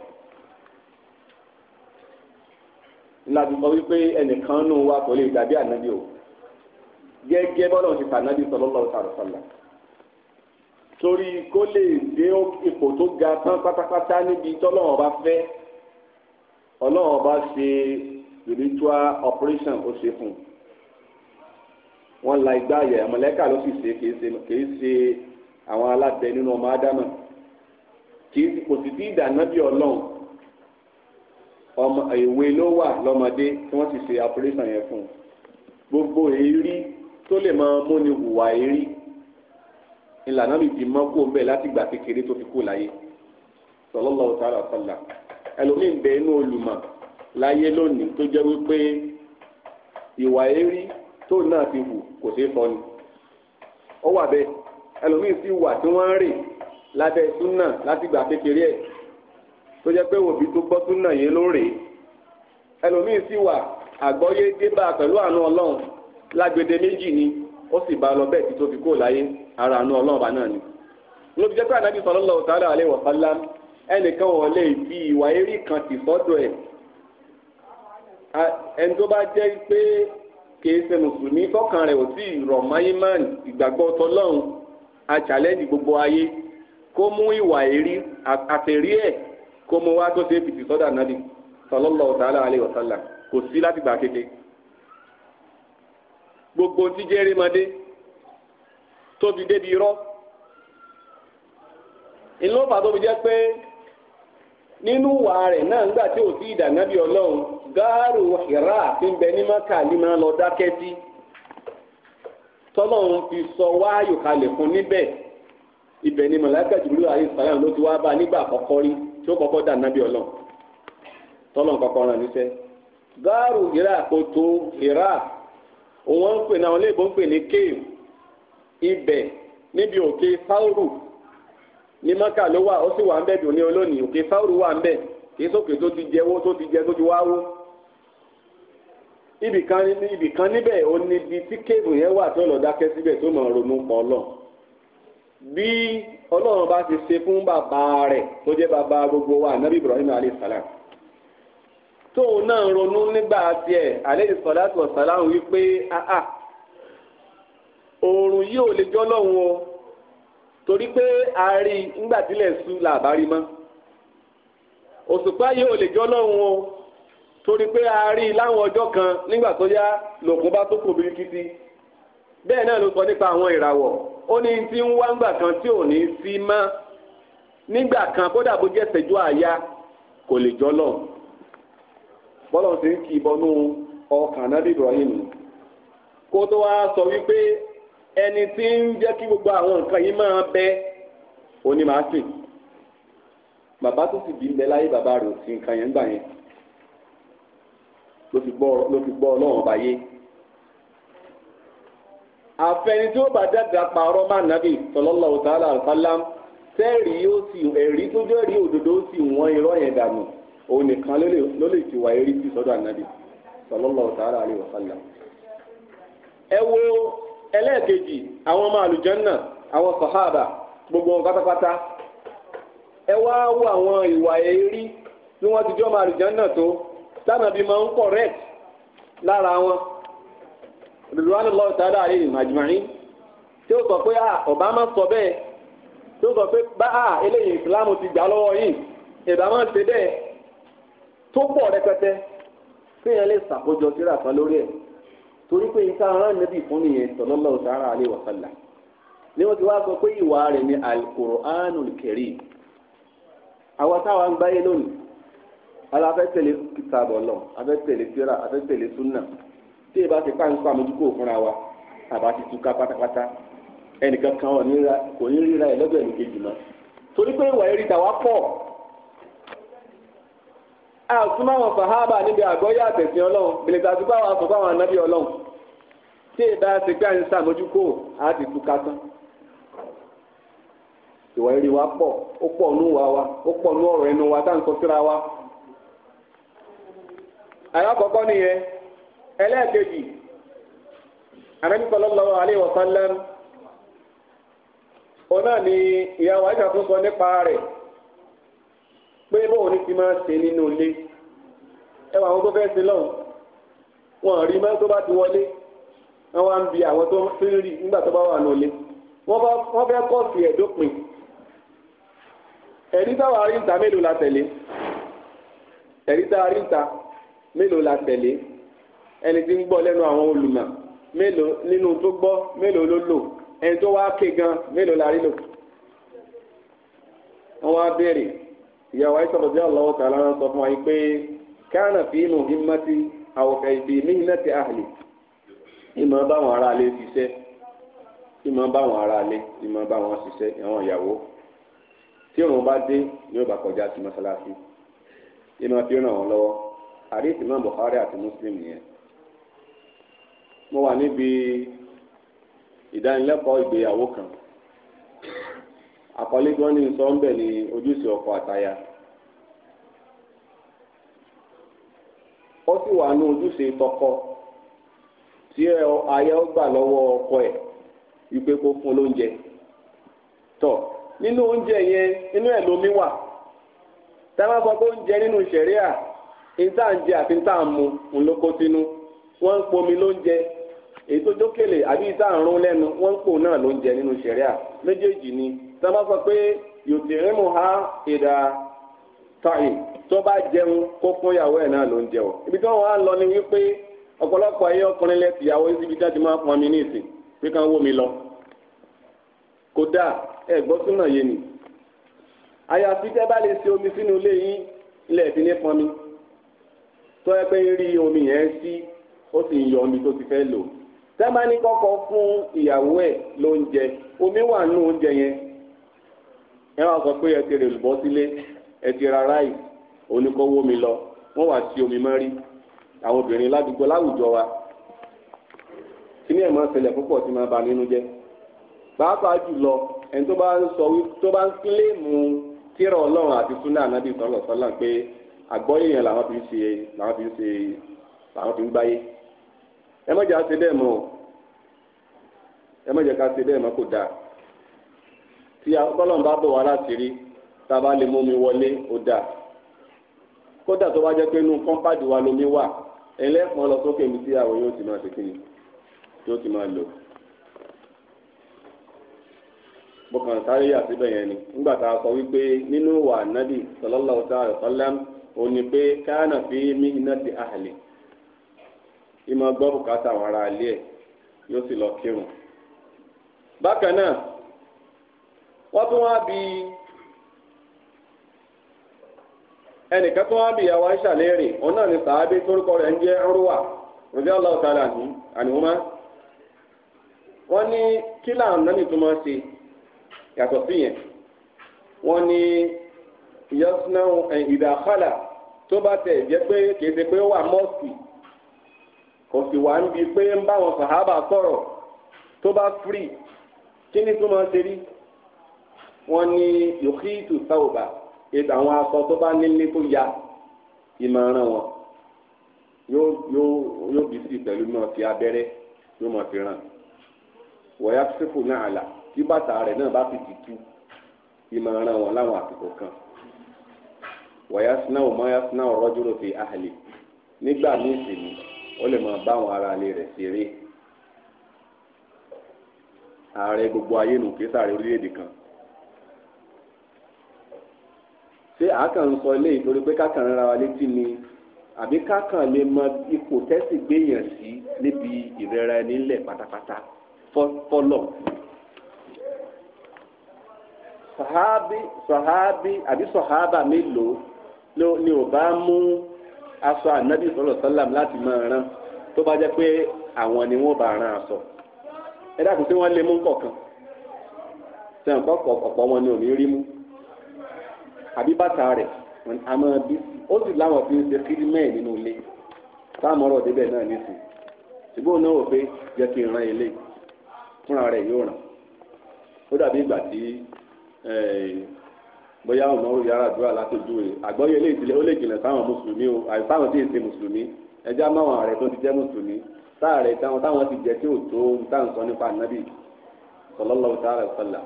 láti sọ wípé ẹnìkan nù wa kò lè dàbí ànábì o gẹ́gẹ́ bọ́lá ti pa ànábì sallallahu alaihi wasallam torí kó lè dé ipò tó ga tán pátápátá níbi tọ́lọ́wọ́n bá fẹ́ ọlọ́wọ́n bá ṣe spiritual operation ó ṣe fún un wọ́n la igbá yẹ àmọlẹka ló sì ṣe kìí ṣe kìí ṣe àwọn alábẹ nínú ọmọ ádámà kìí kò sì tí ìdáná bí Ọlọ́run ọmọ ìwé ló wà lọ́mọdé tí wọ́n ti ṣe operation yẹn fún un gbogbo èérí tó lè máa múni hùwà èérí ìlànà mi ti mọ́ kó bẹ́ẹ̀ láti gbà kékeré tó fi kó láyé sallallahu ta'ala sọlá ẹlòmíín bẹ inú olùmọ̀ láyé lónìí tó jẹ́ wípé ìwà èérí tó náà ti hù kò ṣeé fọ ni ó wà bẹ́ẹ̀ ẹlòmíín sì wà tí wọ́n ń rè lábẹ́ súnà láti gbà kékeré ẹ̀ tó jẹ́ pé òbí tó gbọ́ súnà yé lóore ẹlòmíín sì wà àgbọ́yé débà pẹ̀lú àánú ọlọ́run lágbede méjì ni ó sì bá lọ bẹ́ẹ̀ tí tó fi kó láyé ara àánú ọlọ́run bá náà ni. ló fi jẹ́ pé ànábì sallallahu ta'ala alaihi wa sallam ẹnìkan ò lè fi ìwà eré kan tì sọ́dọ̀ ẹ̀ ẹni tó bá jẹ́ pé kìí ṣe mùsùlùmí tọ́kàn rẹ̀ ò tí rọ̀ máyémán ìgbàgbọ́ tọlọ́run a challenge gbogbo ayé kó mú ìwà eré àtẹ̀rí ẹ̀ kó mo wá tó ṣe é fìtì ala nàbì sallallahu ta'ala alaihi kò sí gbogbo tí jẹ́rìmọ́dé tóbi débi irọ́ ìlú ọ̀fà tóbi jẹ́ pé nínú wà rẹ̀ náà ńgbà tí ò sí ìdànábì ọlọ́run gáàrù ìrà àti ńbẹ ní mọ́kà fi sọ wáyò kalẹ̀ fún níbẹ̀ ibẹ̀ ni mọ̀láìkà jùlọ àyè sàlẹ̀ ló ti wá bá nígbà tí ó kọ́kọ́ dà nábì ọlọ́ tọ́lọ̀ kọ́kọ́ ràn níṣẹ́ gáàrù iraq kòtò iraq òun ń pè náà wọn léèbó ń pè ní kéèmù ibẹ̀ níbi òkè fáwùrù ní mọ́kà ló wà ó sì wà ń òkè fáwùrù wà ń bẹ̀ ti jẹ́wó tó ti jẹ́ tó ti wáwó níbẹ̀ tí yẹn wà tó bí ọlọ́run bá ti ṣe fún bàbá rẹ̀ tó jẹ́ bàbá gbogbo wa nabi ibrahim alayhi salam tóun náà ronú nígbà tiẹ̀ alayhi salatu wa salam wípé áà oòrùn yìí ò lè jọ́ lọ́hùn o torí pé a rí nígbà tílẹ̀ sú làbárí mọ́ òṣùpá yìí ò lè jọ́ lọ́hùn o torí pé a rí láwọn ọjọ́ kan nígbà tó yá lòkun bá tó kò bíríkítí bẹ́ẹ̀ náà ló sọ nípa àwọn ìràwọ̀ ó ní tí ń wá kan tí ò ní sí mọ́ nígbà kan kódà bó jẹ́ ṣẹ́jú àyà kò lè jọ́ bọ́lọ̀ Ibrahim kó tó wá sọ wípé ẹni tí ń jẹ́ kí gbogbo àwọn nǹkan yìí máa bẹ òní máa sìn bàbá tó sì bí ń bẹ láyé bàbá àfẹni tí ó bá dàgbà pààrọ̀ máa nàbì sallallahu ta'ala àlùfáàlám sẹ́ẹ̀rì yóò sì ẹ̀rí tó jẹ́ rí òdodo ó sì wọ́n irọ́ yẹn dànù òun nìkan ló lè ti wà eré sí sọ́dọ̀ wa gbogbo wọn pátápátá ẹ wá wo àwọn ìwà tí wọ́n ti jọ́ ọmọ tó ridwan allah ta'ala alayhim ajma'in tí ó sọ pé a ah, obama sọ bẹ́ẹ̀ tí ó sọ pé bá a ah, eléyìí islam ti gbà lọ́wọ́ yìí ìbámu ṣe bẹ́ẹ̀ tó pọ̀ rẹpẹtẹ kéèyàn lè ṣàkójọ síra kan lórí ẹ̀ ni ti wá sọ pé ìwà ni àwọn táwọn gbáyé lónìí aláfẹ́ tẹ̀lé kìtàbọ̀ lọ afẹ́ tẹ̀lé tí bá ti pàǹpà mójúkò fúnra wa àbá ti túká pátápátá ẹnìkan kan kò ní ríra ẹ lọ́dọ̀ kejì mọ́ torí pé ìwà eré tàwa pọ̀ a súnmọ́ àwọn fàhábà níbi àgọ́yé àtẹ̀sìn ọlọ́run bìlẹ̀tà bá anábì ọlọ́run tí ti ti túká tán ìwà eré wa pọ̀ ó pọ̀ nú wa wa ó pọ̀ nú ọ̀rọ̀ ẹnu wa tá à ń sọ síra wa nìyẹn. ẹlẹ́ẹ̀kejì Ànábì sallallahu alaihi wa sallam òun náà ni ìyàwó àyíká tó sọ nípa rẹ̀ pé bóun ní ti máa ṣe nínú ilé ẹ wà àwọn tó fẹ́ẹ́ ṣe lọ́hùn wọn rí mọ́ tó bá ti wọlé wọn wá ń bi àwọn tó ń rí nígbà tó bá wà nínú ilé wọ́n fẹ́ kọ́ọ̀sì ẹ̀dópin ẹ̀rí táwọn aríǹta mélòó la tẹ̀lé ẹ̀rí táwọn aríǹta mélòó la tẹ̀lé ẹni tí ń gbọ́ lẹ́nu àwọn olùmọ̀ mélòó nínú tó gbọ́ mélòó ló lò ẹni tó wá ké gan mélòó la rí lò. wọ́n wá béèrè ìyàwó àìsàn ọ̀dọ́ ọ̀lọ́wọ́ tààlà náà sọ fún wa yìí pé káànà fi inú himmati àwòkẹ́ ibi mihnati ahli ìmọ̀ báwọn ará lè ṣiṣẹ́ ìmọ̀ báwọn ará lè ìmọ̀ báwọn ṣiṣẹ́ àwọn ìyàwó tí òun bá dé ni ó bá kọjá sí mọ́sálásí ìmọ̀ fi ràn wọ́n lọ́wọ́ àdéhùn Imam Bukhari àti Muslim nìyẹn. mo wà níbi ìdánilẹ́kọ̀ọ́ ìgbéyàwó kan àkọlé tí wọ́n ní sọ ń ọkọ ataya ó sì wà ní ojúṣe tọkọ tí aya ó gbà lọ́wọ́ ọkọ ẹ̀ wípé kó fún lóúnjẹ tọ̀ nínú oúnjẹ yẹn inú ẹ̀ lomi wà tá a bá sọ pé oúnjẹ nínú ń jẹ àti mu ń sínú wọ́n ń pomi èyí tó jókèlè àbí ìta àrùn lẹ́nu wọ́n ń pò náà ló ń jẹ nínú sẹ̀ríà méjèèjì ni tá a bá sọ pé yòtìrímù ha ìdá tàyè tó bá jẹun kó fún ìyàwó ẹ̀ náà ló ń jẹ o ibi tí wọ́n wá ń lọ ni wípé ọ̀pọ̀lọpọ̀ ayé ọkùnrin lẹ́tì ìyàwó síbi tí wọ́n ti máa pọn mi ní ìsìn pé kán wó mi lọ kódà ẹ̀ gbọ́ súnà yé ni àyàfi tẹ́ bá lè ṣe omi sínú ilé yín ilẹ̀ ti pọn mi tó yẹ pé rí omi yẹn sí ó sì ń yọ omi tó ti fẹ́ lò tẹ́ẹ̀mà ní kọ́kọ́ fún ìyàwó ẹ̀ lóúnjẹ omi wà nínú oúnjẹ yẹn ẹ wá sọ pé ẹ ti rè lùbọ́ sílé ẹ ti ra ráì oníkọ́wó mi lọ wọ́n wá sí omi mọ́rí àwọn obìnrin ládùúgbò láwùjọ wa kíní ẹ̀ máa ń ṣẹlẹ̀ púpọ̀ tí máa bà nínú jẹ́ pàápàá jùlọ ẹni tó bá ń sọ tó bá ń kílèmù tírà ọlọ́run àti súnà ànábì sọlọ sọlá pé àgbọ́yé yẹn làwọn fi ń ṣe làwọn fi ń ṣe làwọn fi ń gbáyé. ẹ má bẹ́ẹ̀ ẹ ká bẹ́ẹ̀ kò dáa tí ọlọ́run bá bọ̀ wá láti rí a bá lè mú mi wọlé ó dáa kódà tó bá jẹ́ pé inú wa lomi wà ẹlẹ́pọ̀n lọ sókè mi tí àwọn yóò ti máa ṣe kíni yóò ti máa lò ni nígbà tá a sọ wípé nínú wà nábì òní fi mí iná ti ìmọ̀ gbọ́ bùkátà àwọn ará ilé ẹ̀ yóò sì lọ kírun. bákan náà wọ́n tún wá bí ẹnìkan tó wá bí ìyàwó Aisha léèrè òun náà ni sàábé torúkọ rẹ̀ ń jẹ́ Urwa radiyallahu ta'ala anhuma wọ́n ní kí làwọn náà nìtúmọ̀ ṣe yàtọ̀ sí yẹn wọ́n ní yasnau ìdàkálà eh, tó bá tẹ̀ jẹ́ pé kìí ṣe pé ó wà mọ́ọ̀sì kò sì wá níbi pé ń bá wọn sàhábà sọ̀rọ̀ tó bá firi kí ni tó máa ṣe rí wọn ní yòókì ìtù sáwùbà ètò àwọn aṣọ tó bá nílé tó ya ìmọ̀ràn wọn yóò yóò yóò bí sí pẹ̀lú náà fi abẹ́rẹ́ yóò máa fi ràn wọ̀yá sífò náà àlà tí bàtà rẹ̀ náà bá fi dìtú ìmọ̀ràn wọn láwọn àsìkò kan wọ̀yá sináwó mọ́yá sináwó rọ́jòrò fi àhàlì nígbà míì sì ni ó lè máa bá àwọn ará ilé rẹ̀ ṣeré ààrẹ gbogbo ayé nù kí sáré orílẹ̀-èdè kan ṣé àákàn ń sọ eléyìí torí pé kákan ra wa létí ni àbí kákan lè mọ ipò tẹ́sì gbéyàn sí níbi ìrẹ́ra ẹni ńlẹ̀ pátápátá fọ́lọ̀ sàhábì sàhábì àbí sàhábà mélòó ni ò bá mú aṣọ ànábì sọlọ sálàm láti máa rán tó bá jẹ́ pé àwọn ni wọ́n bá rán aṣọ ẹ dákun tí wọ́n lè mú kọ̀ọ̀kan sẹ́yìn kọ́kọ́ ọ̀pọ̀ wọn ni ò ní rí mú àbí bàtà rẹ̀ àmọ́ bí ó sì láwọn fi ń ṣe kírímẹ́ẹ̀ nínú ilé táwọn ọ̀rọ̀ débẹ̀ náà nísìnyí ṣùgbọ́n náà wò pé jẹ́ kí n ran ilé fúnra rẹ̀ yóò ràn ó dàbí ìgbà tí bóyá ọmọọrù yàrá àdúrà látòjúwe àgbọ́yé ilé ìdílé ó lè jìnà sáwọn mùsùlùmí o àìsáwọn tí èsì mùsùlùmí ẹjẹ àmàwọn ààrẹ tó ti jẹ mùsùlùmí sáàrẹ táwọn táwọn ti jẹ tí ò tó táǹsọ nípa ànábì sọlọlọ sáàrẹ sọlá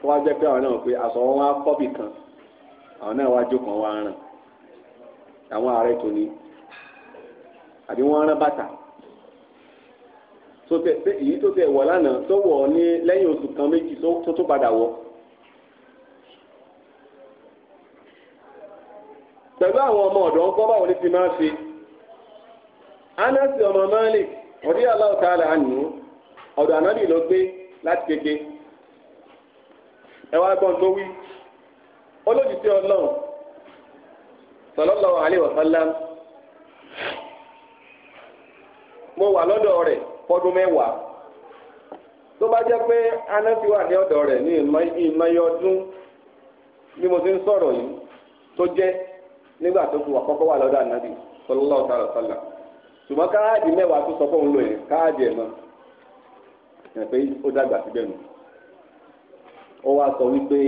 tó wá jẹ pé àwọn náà pé aṣọ wọn wá kọ́bì kan àwọn náà wá jókòó wọn wá ràn àwọn ààrẹ tó ní àbí wọn rán bàtà tó tẹ èyí tó tẹ wọ lánàá tó wọ ní lẹ́yìn oṣù kan méjì tó tó padà wọ pẹ̀lú àwọn ọmọ ọ̀dọ́ ńkọ́ báwo ni ti máa ṣe Anasi ọmọ Malik ọdí aláwọ̀ tá a là nù ọ̀dọ̀ ànábì ló gbé láti kéke ẹ gbọ́n tó wí olójútì ọlọ́run mo wà lọ́dọ̀ rẹ̀ fọdún mẹ́wàá tó bá jẹ́ pé Anasi wà ní ọ̀dọ̀ rẹ̀ ní ìmọ̀ ọdún mo nígbà tó fi wà kọ́kọ́ wà lọ́dọ̀ ànábì sallallahu ta'ala sallam ṣùgbọ́n káàdì mẹ́wàá tó sọ fóun lò yẹn káàdì ẹ̀ mọ́ ẹ̀ pé ó dàgbà síbẹ̀ nù ó wá sọ wípé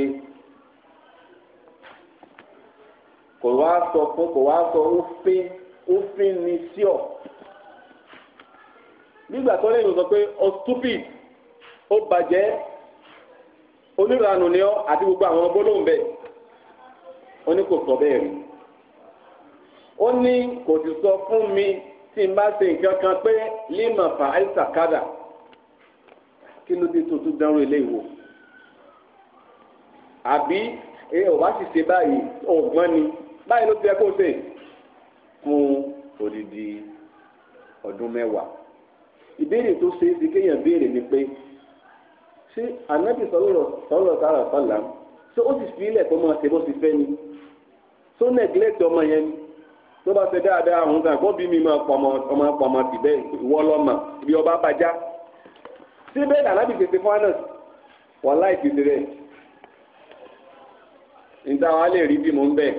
kò wá sọ fún kò wá sọ òfin òfin ni sí ọ nígbà tó lẹ́yìn sọ pé ó stupid ó bàjẹ́ oníranù ni ọ àti gbogbo àwọn gbólóhùn bẹ́ẹ̀ ó ní kò sọ bẹ́ẹ̀ rí ó ní kò sì sọ fún mi tí n bá ṣe nǹkan kan pé lima fa aisakada kí ló dé tó tún dánrò ilé ìwò àbí ẹ ò bá sì ṣe báyìí ọgbọ́n ni báyìí ló ti yẹ kó ṣe fún odidi ọdún mẹ́wàá ìbéèrè tó ṣe é ti kéèyàn béèrè ni pé ṣé ànábì sọlọ sọlọ sára sọlá ṣé ó sì fi ilẹ̀ tó máa ṣe bó ti fẹ́ ni tó nẹ̀gílẹ̀tì ọmọ yẹn ni tó bá ṣe dáadáa àwọn kan kó bí mi máa pọmọ ọmọ pọmọ síbẹ̀ ìwọ lọ́mọ ibi ọba bàjá síbẹ̀ làlábì tètè fún anà wọ́n láì tètè rẹ̀ níta wa lè rí bí mo ń bẹ̀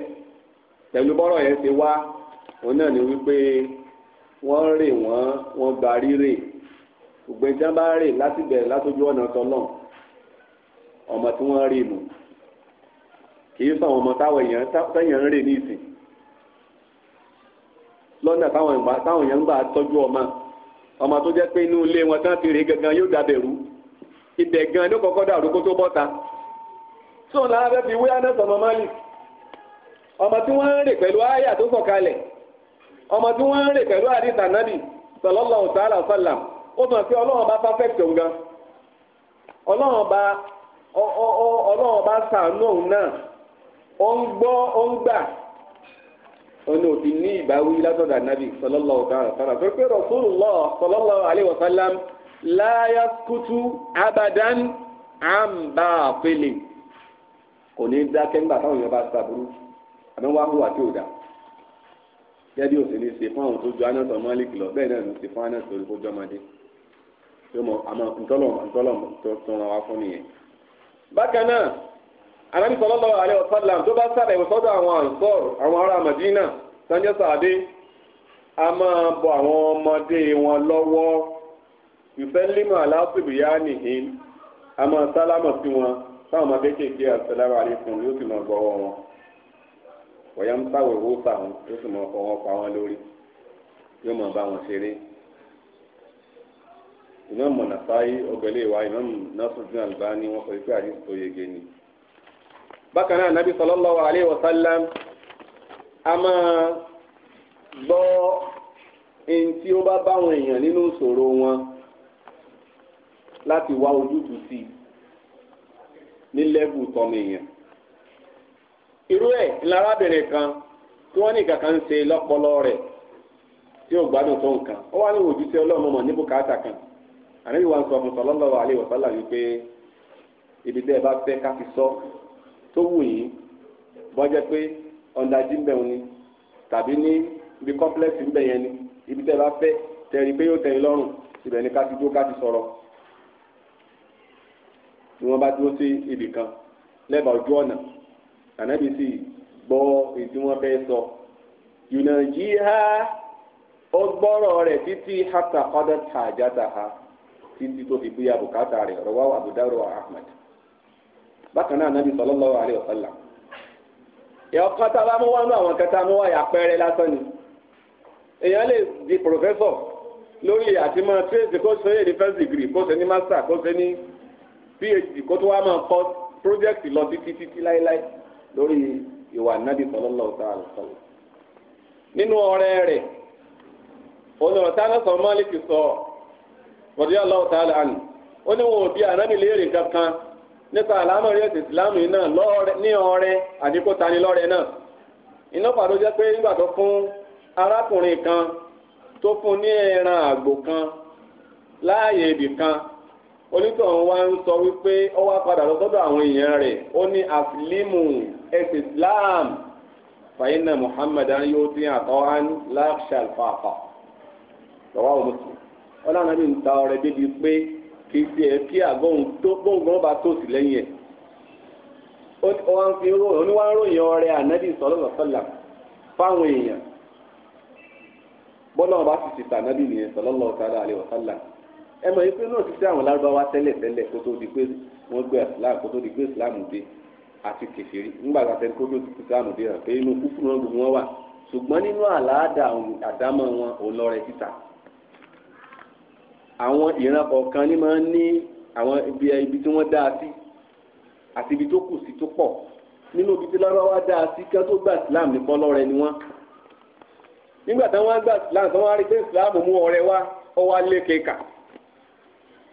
pẹ̀lú bọ́rọ̀ yẹn ṣe wá òun náà ni wípé wọ́n rè wọ́n wọ́n gba rírè ògbẹ́ntì bá rè láti bẹ̀rẹ̀ látọjú ọ̀nà tọ́lọ̀ ọmọ tí wọ́n rè nù kì í sọ ọmọ táwọn èèyàn ń rè ní ìsìn lọ́nà táwọn èèyàn ń gbà tọ́jú ọmọ ọmọ tó jẹ́ pé inú ilé wọn tán ti gangan yóò dàbẹ̀ rú ibẹ̀ gan ló kọ́kọ́ dàrú kó tó bọ́ta tó náà fẹ́ fi wíyá náà sọmọ mọ́lì ọmọ tí wọ́n ń rè pẹ̀lú àyà tó sọ̀kalẹ̀ ọmọ tí wọ́n ń rè pẹ̀lú àdìsá nábì sallallahu ta'ala ó mọ̀ pé ọlọ́run bá perfect òun gan ọlọ́run bá ọ̀nà òbí ní ìbáwí látọ̀dọ̀ ànábì sallallahu ta'ala sọlọ pé pé rasulullah sallallahu alaihi wasallam la yaskutu abadan an batilin kò ní dákẹ́ ńgbà táwọn èèyàn bá sàbúrú àmì wá hùwà tí ò dá ní ṣe fún àwọn tó ju anátọ̀ mọ́lìkì lọ bẹ́ẹ̀ náà ló ṣe fún anátọ̀ lórí ọmọdé yóò mọ àmọ́ ntọ́lọ̀ ntọ́lọ̀ tó ràn wá fún nìyẹn. bákan náà anabi sallallahu alaihi wasallam tó bá sábà ìwọ sọ́dọ̀ àwọn àǹsọr àwọn ará madina sanjẹ sàdé a máa bọ àwọn ọmọdé wọn lọ́wọ́ ìfẹlẹmọ aláṣubìyá nìhín a máa sálámọ sí wọn táwọn ọmọ kéékèèké àṣẹlára àlékún yóò sì máa gbọ́wọ́ wọn wọ̀nyá ń sáwọ̀ ìwó sàwọn yóò sì máa fọwọ́ pa wọn lórí yóò máa bá wọn ṣeré ìmọ̀ mọ̀nàfáì ọgbẹ̀lẹ̀ ìwà ìmọ̀ násùdùn àlùbáni wọn sọ pé àdìsí tó yege ni bákan náà nabi sallallahu alayhi wa sallam a máa gbọ́ ẹni tí ó bá báwọn èèyàn nínú ìṣòro wọn láti wá ojútùú sí i ní lẹ́bù tọ́mọ èèyàn. irú ẹ̀ ńlárábìnrin kan tí wọ́n ní kankan ń ṣe lọ́pọlọ rẹ̀ tí ó gbádùn tó nǹkan ó wá ní òjúṣe ọlọ́run ní bùkátà kan ànábì wa ń wa sallam wípé ibi tẹ́ ẹ bá fẹ́ ká fi sọ tó wù yín bọ́jẹ́ pé ọ̀ndàjì ń bẹ̀ wọn ni tàbí ní ibi kọ́pílẹ́sì ń bẹ̀ yẹn ni ibi tẹ́ bá fẹ́ tẹ̀rí pé yóò tẹ̀yìn lọ́rùn ibẹ̀ ni ká ti dúró ká ti sọ̀rọ̀ ni wọ́n bá dúró sí ibì kan lẹ́bàá ojú ọ̀nà ànábì sì gbọ́ èyí tí wọ́n fẹ́ sọ yùnàjí ha ó gbọ́rọ̀ rẹ̀ títí hata kọ́dọ̀ tàjátà ha títí tó fi bíyà bùkátà rẹ̀ rọwọ́ àbúdárò Ahmad bákan náà nàbì sallallahu alaihi wasallam èèyàn kan tá a bá mú wá nú àwọn kan tá a mú wá yà pẹ́rẹ́ lásán ni èèyàn lè di pòfẹ́sọ̀ lórí àti máa tírèsì kó ṣe é ní first degree kó ṣe ní master kó ṣe ní phd kó tó wá máa kọ project lọ títí títí láéláé lórí ìwà nàbì sallallahu alaihi wasallam nínú ọ̀rẹ́ rẹ̀ olùrọ̀tà náà sọ mọ́lìkì sọ radiyallahu ta'ala anhu ó ní wọn ò bí ànábì nípa àlámọ̀rí ẹ̀sìn ìsìlámù yìí náà ní ọrẹ àdínkù tani lọ́rẹ náà iná pàdó jẹ́ pé nígbà tó fún arákùnrin kan tó fún ní ẹran àgbò kan láàyè ibì kan onítọ̀hún wa ń sọ wípé ó wá padà lọ sọ́dọ̀ àwọn èèyàn rẹ̀ ó ní àfìlímù ẹ̀sìn islam fàyínà muhammadan yóò dín àtọ́hán láṣàlfàfà lọ́wọ́ àwọn mùsùlùmí ọlọ́run náà ń ta ọrẹ débi pé. kì í ṣe ẹ kí àgọ́hùn tó gbóǹgbọ́n bá tó sí lẹ́yìn ẹ̀ oníwà ń ròyìn ọrẹ ànábì sọlọ́sọ̀ sọ́là fáwọn èèyàn bọ́lá wọn bá ti tànábì nìyẹn sọlọ́lọ́ ọ̀tàdà ẹ mọ̀ yìí pé islam kó tó di pé islam dé àti kẹfìrí kó tó di pé islam dé hàn pé inú náà gbogbo àwọn ìran kọ̀ọ̀kan ní máa ń ní àwọn ibi tí wọ́n dá sí àti ibi tó kù sí tó pọ̀ nínú ibi tí lárúbáwá dá sí kí wọ́n tó gba islam ní bọ́lọ́rẹ́ ni wọ́n nígbà táwọn gba islam táwọn arí pé islam mú ọrẹ wá ọ wá lé kéka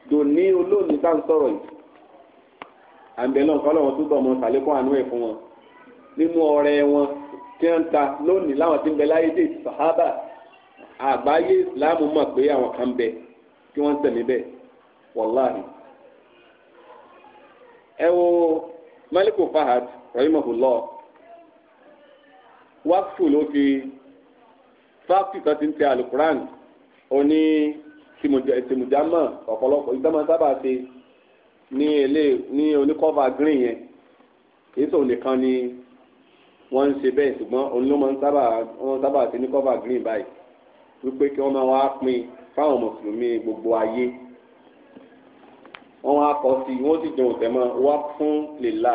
dòní olóòní tá à ń sọ̀rọ̀ yìí àǹbẹ̀ náà kọ́ lọ́wọ́ tó bọ̀ mọ́ sàlékún àánú ẹ̀ fún wọn nínú ọrẹ wọn tí wọ́n ń ta lónìí láwọn tí ń bẹ láyé dé sàhábà àgbáyé islam mọ̀ pé àwọn kan bẹ kí wọ́n tẹ̀lé bẹ́ẹ̀ wàláhì. ẹ wo Fahad rahimahullah wákìfù ló fi fáàkì kan ti ń tẹ alukuran oní tìmùjámọ̀ ọ̀pọ̀lọpọ̀ ìdámọ̀ sábà ṣe ní ilé ní oníkọ́fà green yẹn kì nìkan ni wọ́n ń ṣe bẹ́ẹ̀ ṣùgbọ́n sábà ṣe ní kọ́fà green báyìí wípé kí fáwọn mùsùlùmí gbogbo ayé wọn wá kọ sí i wọn sì jẹun tẹmọ wá fún lèlà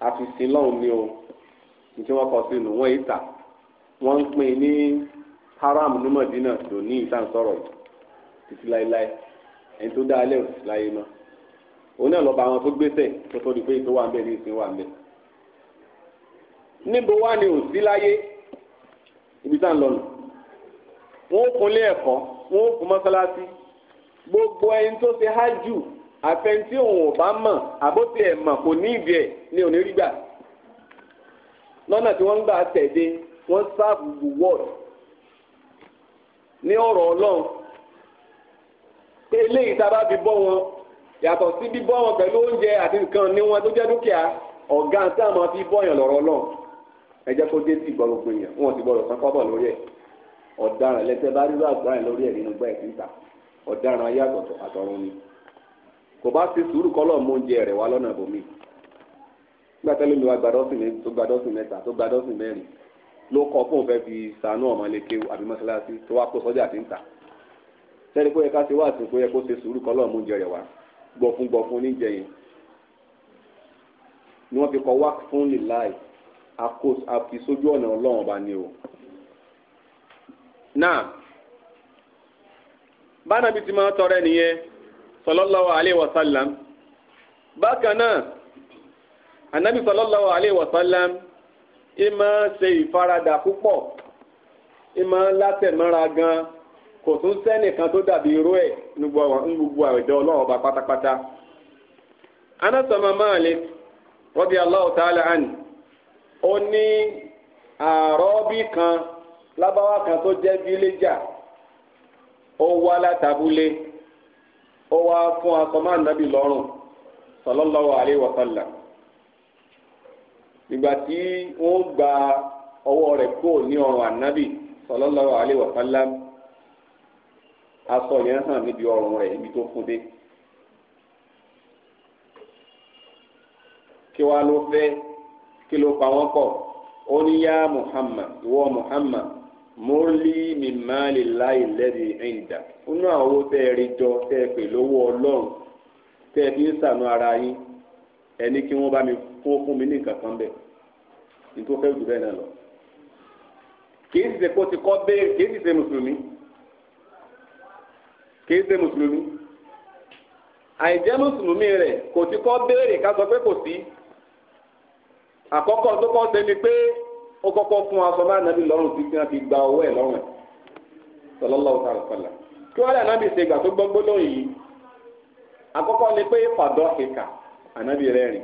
àfìsín lọhùn ni o ní tí wọn kọ sí inú wọn ìta wọn ń pín ní haram ní Mọdínà lóní ìta ń sọ̀rọ̀ yìí títí láéláé ẹni tó dá alẹ òsì láyé mọ́ òun náà lọ́ba àwọn tó gbèsè tó tó di pé ètò wà ń bẹ ní ìsìn wà ń bẹ. níbo wá ni òsì láyé ibi tá à ń lọ nù wọn ó kunlé ẹ̀kọ́ wọn ó kún mọ́sálásí gbogbo ẹni tó ṣe hajj àfẹntí òun ò bá mọ̀ àbótí ẹ̀ mọ̀ kò ní ìdí ẹ̀ ní onírígbà lọ́nà tí wọ́n ń gbà tẹ̀dé wọ́n sáàbù the world ní ọ̀rọ̀ ọlọ́run pé eléyìí tá a bá fi bọ́ wọn yàtọ̀ sí bíbọ́ wọn pẹ̀lú oúnjẹ àti nǹkan ní wọn tó jẹ́ dúkìá ọ̀gá tá a máa fi bọ́ yàn lọ́rọ̀ ọlọ́run ẹ jẹ́ kó dé sí ìgbọ́ gbogbo èèyàn wọn ti gbọ́dọ̀ san kọ́bọ̀ lórí ẹ̀ ọ̀daràn lẹ́sẹ̀ bá rírọ àgbáyé lórí ẹ̀ nínú gbẹ́ẹ̀ síta ọ̀daràn ayé àtọ̀tọ̀ àtọ̀run ni kò bá ti sùúrù kọ́lọ̀ mú oúnjẹ rẹ̀ wá lọ́nà bòmí nígbà tẹ́lẹ̀ mi wá gbadọ́sìn tó gbadọ́sìn mẹ́ta tó gbadọ́sìn mẹ́rin ló kọ́ fún òfẹ́ fi sànú ọmọ lékè àbí mọ́ṣáláṣí tó wá kó sọ́jà tí ń tà sẹ́ni kó yẹ ká ti wá àsìkò yẹ kó ṣe sùúrù kọ́lọ̀ mú oúnjẹ rẹ̀ wá gbọ̀fun gbọ̀fun níjẹ yẹn ni wọ́n fi kọ́ wá fún lè láì àkóso àfi sójú ọ̀nà ọlọ́run ọba ni o. naa náà bi ti máa tọrẹ nìyẹn sallallahu alaihi wasallam bákan náà anabi sallallahu alaihi wasallam se ifarada ìfaradà púpọ̀ ìmọ̀ látẹ̀mọ́ra gan kò tún sẹ́nìkan tó dàbí irú ẹ̀ ní gbogbo àwẹ̀dẹ ọlọ́run ọba pátápátá. anasama Malik radiyallahu ta'ala ani o ni àrọ́bí kan lábáwá kan tó jẹ́ bíléjà ó wá látàbúlé ó wá fún asọ́mọ́ ànábì lọ́rùn sallallahu alaihi wa sallam ìgbà tí wọ́n gba ọwọ́ rẹ̀ kó ní ọrùn ànábì sallallahu alaihi wa yẹn hàn níbi ọrùn rẹ̀ ibi tó fún dé. kí wàá ló fẹ́ kí ló pa wọ́n pọ̀ ó ní yá Muhammad ìwọ Muhammad mọ́lí mímálì láì lẹ́bi ẹ̀ǹdà nínú àwọn owó tẹ́ ẹ rí jọ tẹ́ ẹ pè lọ́wọ́ ọlọ́run tẹ́ ẹ fi ń sànú ara yín ẹni kí wọ́n bá mi fún fún mi ní nǹkan kan bẹ́ẹ̀ ní tó fẹ́ jù bẹ́ẹ̀ náà lọ. kì í ṣe kó ti kọ́ béèrè kì í ṣe mùsùlùmí kì í ṣe mùsùlùmí àìjẹ́ mùsùlùmí rẹ̀ kò ti kọ́ béèrè ká sọ pé kò sí àkọ́kọ́ tó kọ́ ṣe ni pé. ó kọ́kọ́ fún aṣọ bá nàbí lọ́rùn títí wọn fi gba owó ẹ̀ lọ́rùn ẹ̀ sallallahu ta'ala sallam kí wọ́n lè ànábì ṣe ìgbà tó gbọ́ gbólóhùn yìí àkọ́kọ́ ni pé fàdọ́ ìkà ànábì rẹ̀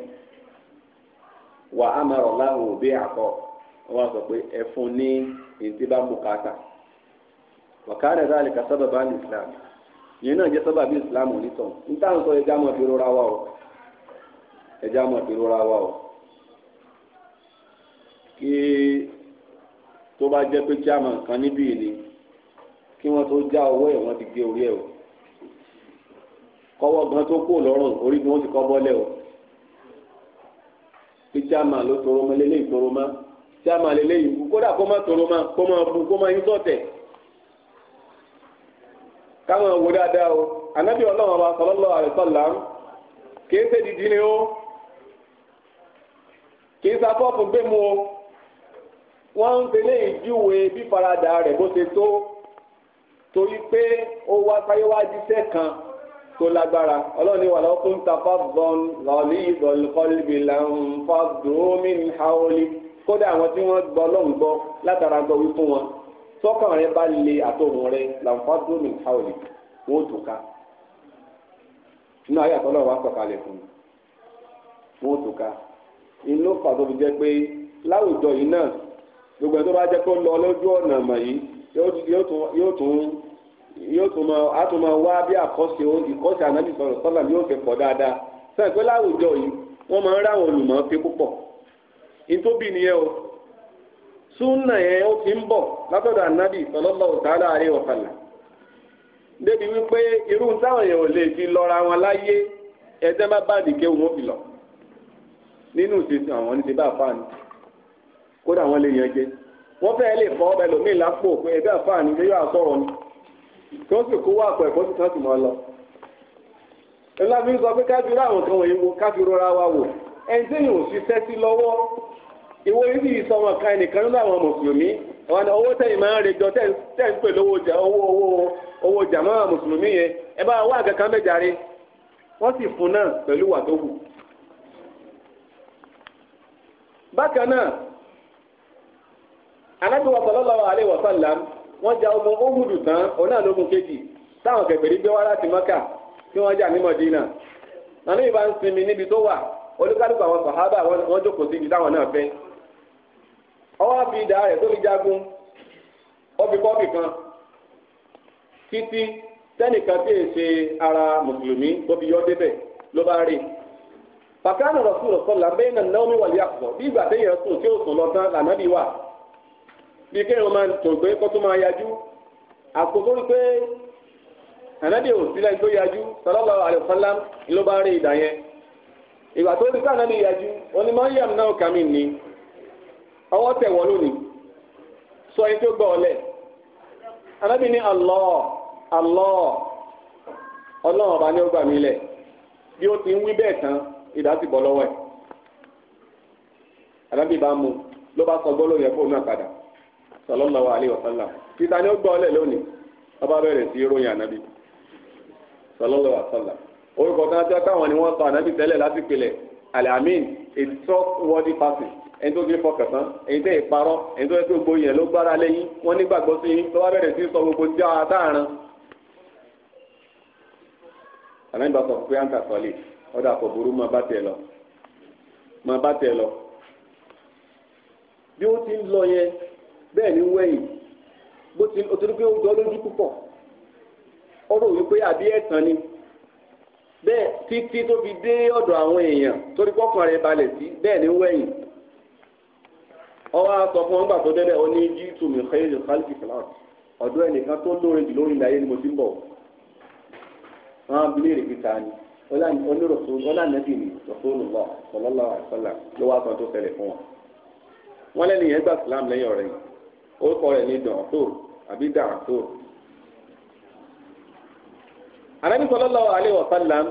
sọ pé ẹ fún ní èyí bá ní islam yìí náà jẹ́ islam ẹja mọ̀ fi rora wa o ẹja o. kí tó bá jẹ́ pé chairman kan níbí ni kí wọ́n tó já owó ẹ̀ wọ́n ti gé orí ẹ̀ o kọ́wọ́ gan tó kó lọ́rùn orí ni wọ́n ti kọ́ bọ́lẹ̀ o kí chairman ló toro mọ́ lélẹ́yìn toro mọ́ chairman lélẹ́yìn kú kódà kó má toro mọ́ kó má bu kó má yín sọ̀tẹ̀ káwọn wò dáadáa o ànábì ọlọ́run ọba sallallahu alaihi wasallam kì í ṣe dídí ni o kì í ṣe afọ́fún gbé mu o wọ́n ń fele ìjúwe fífaradà rẹ̀ bó ṣe tó torí pé ó wá sáyé wá jíṣẹ́ kan tó lágbára ọlọ́run ní wàlá ọkùnrin tafà bọ́n lọ́ọ̀lì ìdọ̀lùkọ́lùbì làwọn fàdúrómì haoli kódà àwọn tí wọ́n gbọ́ lọ́n gbọ́ látara gbọ́ wí fún wọn tọ́kàn rẹ bá le àtọ̀hún rẹ làwọn fàdúrómì haoli wọ́n tún ká inú ayé àtọ́lọ́ wa sọ̀kalẹ̀ fún un tún ká inú fàdúrómì jẹ́ pé láwùjọ yìí náà gbogbo ẹni tó bá jẹ́ kó lọ lójú ọ̀nà mọ̀ yìí yóò tún yóò àtún mọ wá bí àkọ́ṣe ìkọ́ṣe ànábì sọ̀rọ̀ sọ́là yóò fẹ́ pọ̀ dáadáa sẹ́yìn pé láwùjọ yìí wọ́n máa ń ráwọn olùmọ̀ pé púpọ̀ ìtóbi o fi ń bọ̀ látọ̀dọ̀ ànábì débi wípé irú táwọn èèyàn ò lè fi lọ́ra wọn láyé fi lọ nínú ìṣesí àwọn oníṣẹ́ bá kódà wọn lè yàn jẹ wọ́n fẹ́ẹ́ lè fọ ọbẹ̀ lómìn lápò pé ẹgbẹ́ àfáàní ṣé yóò sọ̀rọ̀ ni kí wọ́n sì kó wà pọ kó sì tán sì lọ. ńlá fi ń sọ pé ká fi kan wọ̀nyí wo wa wò ẹni tí yóò sí lọ́wọ́ kan ẹnìkan nínú àwọn mùsùlùmí àwọn owó tẹ̀yìn máa ń pè lówó owó owó owó mùsùlùmí yẹn ẹ bá fún náà wà tó wù. Anaghị wa sallallahu alaihi wa sallam wọ́n ja ogun ohudu tán òun náà lógun kejì táwọn kèfèrí gbé wá láti mọ́kà tí wọ́n jà ní mọ̀dínà àná ìbá ń sinmi níbi tó wà olúkálùkù àwọn sàhábà wọ́n jókòó sí táwọn náà fẹ́ ọwọ́ fi ìdá rẹ̀ tó fi jagun ọbí kọ́ọ̀kì kan títí sẹ́nìkan tí èsè ara mùsùlùmí tó fi yọ ló bá rí pàkánù làbẹ́yìn náà náà bí kéwọn máa kó tó máa yájú àkókò pé ànábì ò sílẹ̀ tó yájú sallallahu alaihi wasallam ló bá rí ìdá yẹn ìgbà tó ti ká yájú òní máa ń ni ọwọ́ tẹ̀ sọ yìí tó gbọ́ ọ lẹ̀ ànábì ní ọlọ́run ọba ní ó gbà mí lẹ̀ bí ó ti ń wí bẹ́ẹ̀ mu ló bá sọ gbọ́ lórí sallallahu alayhi wa sallam títa ni ó gbọ́ ọlẹ́ lónìí ọba bẹ̀rẹ̀ sí ròyìn ànábì sallallahu alayhi wa sallam orúkọ kan tí wọ́n káwọn ni wọ́n sọ ànábì tẹ́lẹ̀ láti pèlẹ̀ alamin a trustworthy person ẹni tó gbé fọkàn tán ẹni tẹ́ ìparọ́ ẹni tó yẹ kó gbóyè ló gbára lẹ́yìn wọ́n nígbàgbọ́ sí yín tó bá bẹ̀rẹ̀ sí sọ gbogbo tí a dáàrán ànábì bá sọ pé àǹkà sọlẹ̀ ọ̀dà kò burú máa bá tẹ̀ lọ máa bá tẹ̀ lọ bí ó ti ń lọ yẹn bẹ́ẹ̀ ni wẹ̀yìn bó ti o torí pé ó jọ lójú púpọ̀ ọ̀rọ̀ wípé àbí ẹ̀tàn ni bẹ́ẹ̀ títí tó fi dé ọ̀dọ̀ àwọn èèyàn torí pọ́kàn rẹ̀ balẹ̀ sí bẹ́ẹ̀ ni wẹ̀yìn ọwọ́ fún ọgbà tó débẹ̀ ó ní mi tùmí xeyìlì kálífì ọ̀dọ́ ẹnìkan tó lóore jù lórí ilẹ̀ ayé ni mo ti ń bọ̀ wọn á orúkọ rẹ̀ ní dọ̀tò àbí dàtò. àrẹ́bí sallallahu alaihi wasallam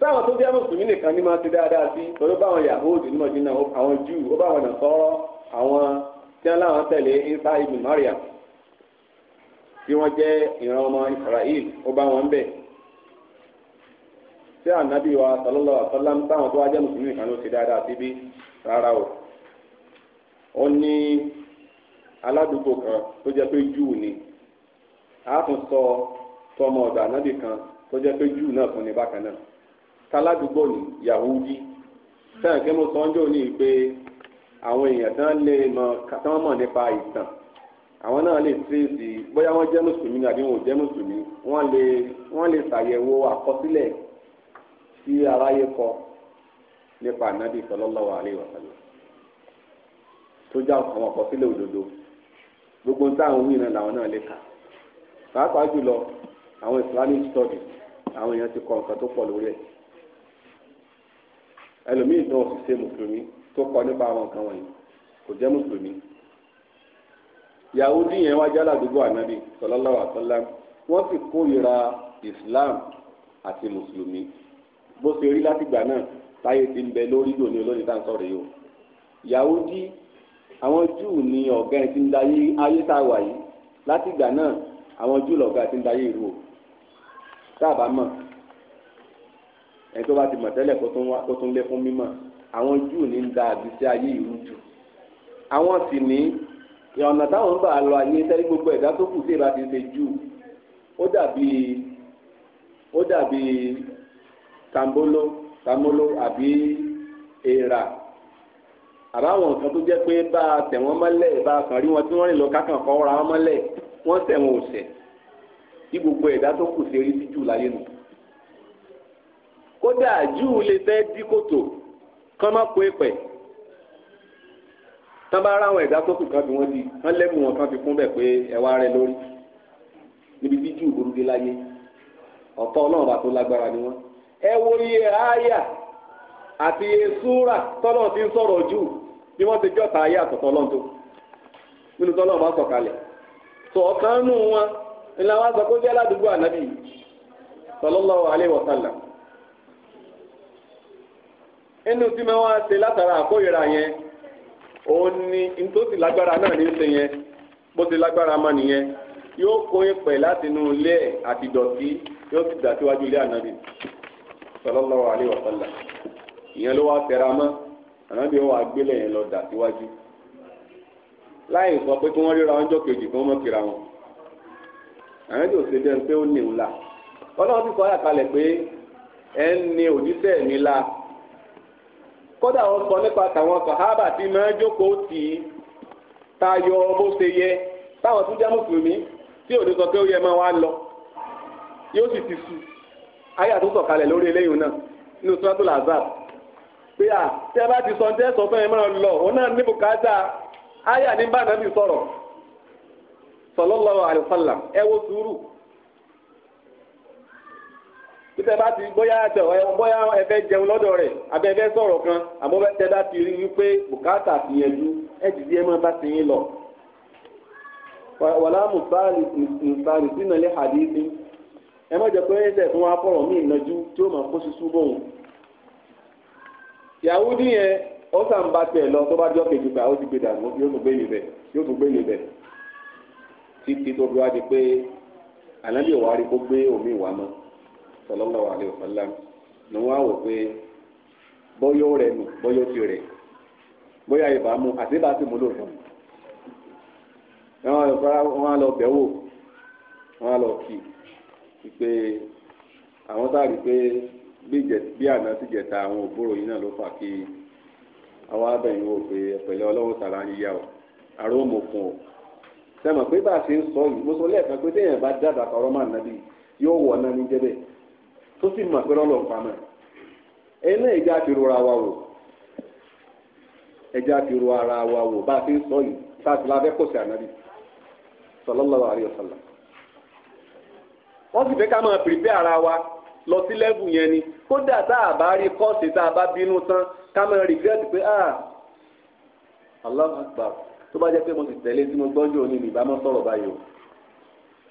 sáwọn tó jẹ́ mùsùlùmí nìkan ní máa ti dáadáa sí pẹ̀lú báwọn Yahudi ní nnọọ àwọn Júù ó báwọn Nàsárà àwọn tí wọ́n láwọn tẹ̀lé Isa ibn Maryam tí wọ́n jẹ́ ìran ọmọ Israel ó bá wọn bẹ̀ tí ànábì wa sáwọn tó mùsùlùmí nìkan ló ti dáadáa sí bí rárá o aládùúgbò kan tó jẹ́ pé júù ni a tún sọ tọmọ ọ̀dọ̀ ànábì kan tó jẹ́ pé júù náà fún ni bákan náà taládùúgbò ni Yahudi sẹ́yìn kí mo sọ ọ́njọ́ ní pé àwọn èèyàn tán lè mọ tán mọ̀ nípa ìtàn àwọn náà lè tírèsì bóyá wọ́n jẹ́ mùsùlùmí àbí wọn ò jẹ́ mùsùlùmí wọ́n lè wọ́n lè ṣàyẹ̀wò àkọsílẹ̀ tí aráyé kọ nípa ànábì sallallahu alaihi wasallam tó já àwọn àkọsílẹ̀ òdodo gbogbo táwọn wí náà làwọn náà lè kà pàápàá jùlọ àwọn Islamic studies àwọn èèyàn ti kọ nǹkan tó pọ̀ lórí ẹ̀ ẹlòmíì náà sì ṣe mùsùlùmí tó kọ nípa àwọn nǹkan wọ̀nyí kò jẹ́ mùsùlùmí Yahudi yẹn wá jálá àdúgbò ànábì sallallahu alaihi wasallam wọ́n sì kórìíra Islam àti mùsùlùmí bó ṣe rí látìgbà náà táyé ti ń bẹ lórí dòní olóyìn tá à ń sọ̀rọ̀ yìí o Yahudi àwọn júù ni ọ̀gá ẹ̀ ti ń dayé ayé tá a wà yìí láti ìgbà náà àwọn júù lọ̀gá ti ń dayé ìlú o tá a bá mọ̀ ẹni tó bá ti mọ̀ tẹ́lẹ̀ kó tún lé fún mímọ̀ àwọn júù ní ń da àdìsí ayé ìlú jù àwọn sì ní ọ̀nà táwọn ń bà lọ ayé tẹ́lẹ̀ gbogbo ẹ̀dá tó kù sí ìbá ti ṣe júù ó dàbí ó dàbí tambolo tambolo àbí èèrà. E àbáwọn nǹkan tó jẹ́ pé bá a tẹ̀ wọ́n mọ́lẹ̀ bá a kàn rí wọn tí wọ́n rìn lọ kákàn kọ́ ra wọn mọ́lẹ̀ wọ́n tẹ̀ wọn ò sẹ̀ tí gbogbo ẹ̀dá tó kù sí eré síjú láyé nù. kódà júù lè fẹ́ dí kòtò kán má kó èpẹ̀ tán bá ara àwọn ẹ̀dá tó kù kan fi wọ́n di kán lẹ́mú wọn kan fi kún bẹ̀ pé ẹ̀wà rẹ lórí níbi tí júù burú dé láyé ọ̀tọ̀ ọlọ́run bá tó lágbára ni wọ́n. ẹ wo iye àáyà àti iye súrà tọ́lọ̀ ti ń sọ̀rọ̀ júù. bí wọ́n ti jọ́ta ayé àtọ̀tọ̀ ọlọ́run tó nínú tó ọlọ́run bá sọ kalẹ̀ tó ọ̀kan wọn ńlá wa sọ pé ó jẹ́ aládùúgbò ànábì sallallahu alaihi inú tí wọ́n wá ṣe látara yẹn òun ni nítòsí lágbára náà ní ṣe yẹn bó lágbára nìyẹn yóò kó láti inú ilé àti ìdọ̀tí yóò dà síwájú ilé ànábì ànábì wọn àgbélé yẹn lọ dà síwájú láì sọ pé kí wọ́n ríra ọjọ́ kejì kí wọ́n mọ̀ kíra wọn ànábì òsè bẹ́ẹ̀ pé ó ní òun la ọlọ́run ti sọ ọ́ àkàlẹ̀ pé ẹ̀ ń ní òdíṣẹ́ mi la kódà wọn sọ nípa tàwọn sàhábà tí máa ń jókòó tì í tayọ bó ṣe yẹ táwọn tún jẹ́ mùsùlùmí tí òní sọ pé ó yẹ máa wá lọ yóò sì ti sùn ayé àtúntọ̀ kalẹ̀ lórí eléyìí náà nínú sọ́tò làzab pé à tẹ́ bá ti sọ ní fún lọ òun náà ní bùkátà áyà ní bá nàbì sọ̀rọ̀ sallallahu alaihi ẹ wo sùúrù títẹ bá ti bóyá bóyá jẹun lọ́dọ̀ kan àmọ́ tẹ bá ti rí wípé bùkátà ti yẹjú ẹ jìdí ẹ máa lọ. wàlá mùsàlì mùsàlì sínú ilé hadithi ẹ má jẹ pé ẹ yahudi yẹn ó sàn bá tiẹ̀ lọ tó bá jọ kejì pé àwọn ti gbé dànù yóò tún gbé yìí bẹ̀ yóò tún gbé yìí bẹ̀ títí tó fi wá di pé ànábì ò wá rí kó gbé omi ìwà mọ́ sallallahu alaihi wasallam ni wọ́n á wò pé bọ́yọ̀ rẹ̀ nù bọ́yọ̀ ti rẹ̀ bóyá ìbámu àti bá ti mú lòtọ́ wọ́n á lọ bẹ̀ wọ́n á lọ kì í pé àwọn táà rí pé. bí àná sì jẹta àwọn òbúrò yìí náà ló fà kí àwọn abẹ́yìn wò pé ẹ̀pẹ̀lẹ́ ọlọ́run tààrà ń yá o àrò pé bá ṣe ń sọ yìí mo sọ lẹ́ẹ̀kan pé téèyàn bá dábàá kọ́ nàbí yóò wọ̀ náà ní jẹ́bẹ̀ tó sì mọ̀ pé rora wa wò ro ara wa wò bá a ṣe ń sọ la kò sí ànábì wọ́n sì fẹ́ ká ara wa. lọ sí lẹ́bù yẹn ni kódà tá a bá rí kọ́ọ̀sì tá a bá bínú tán ká máa regret pé ah Allahu Akbar tó bá jẹ́ pé mo sì tẹ̀lé tí mo gbọ́njú òní ní ìbámu sọ̀rọ̀ báyìí o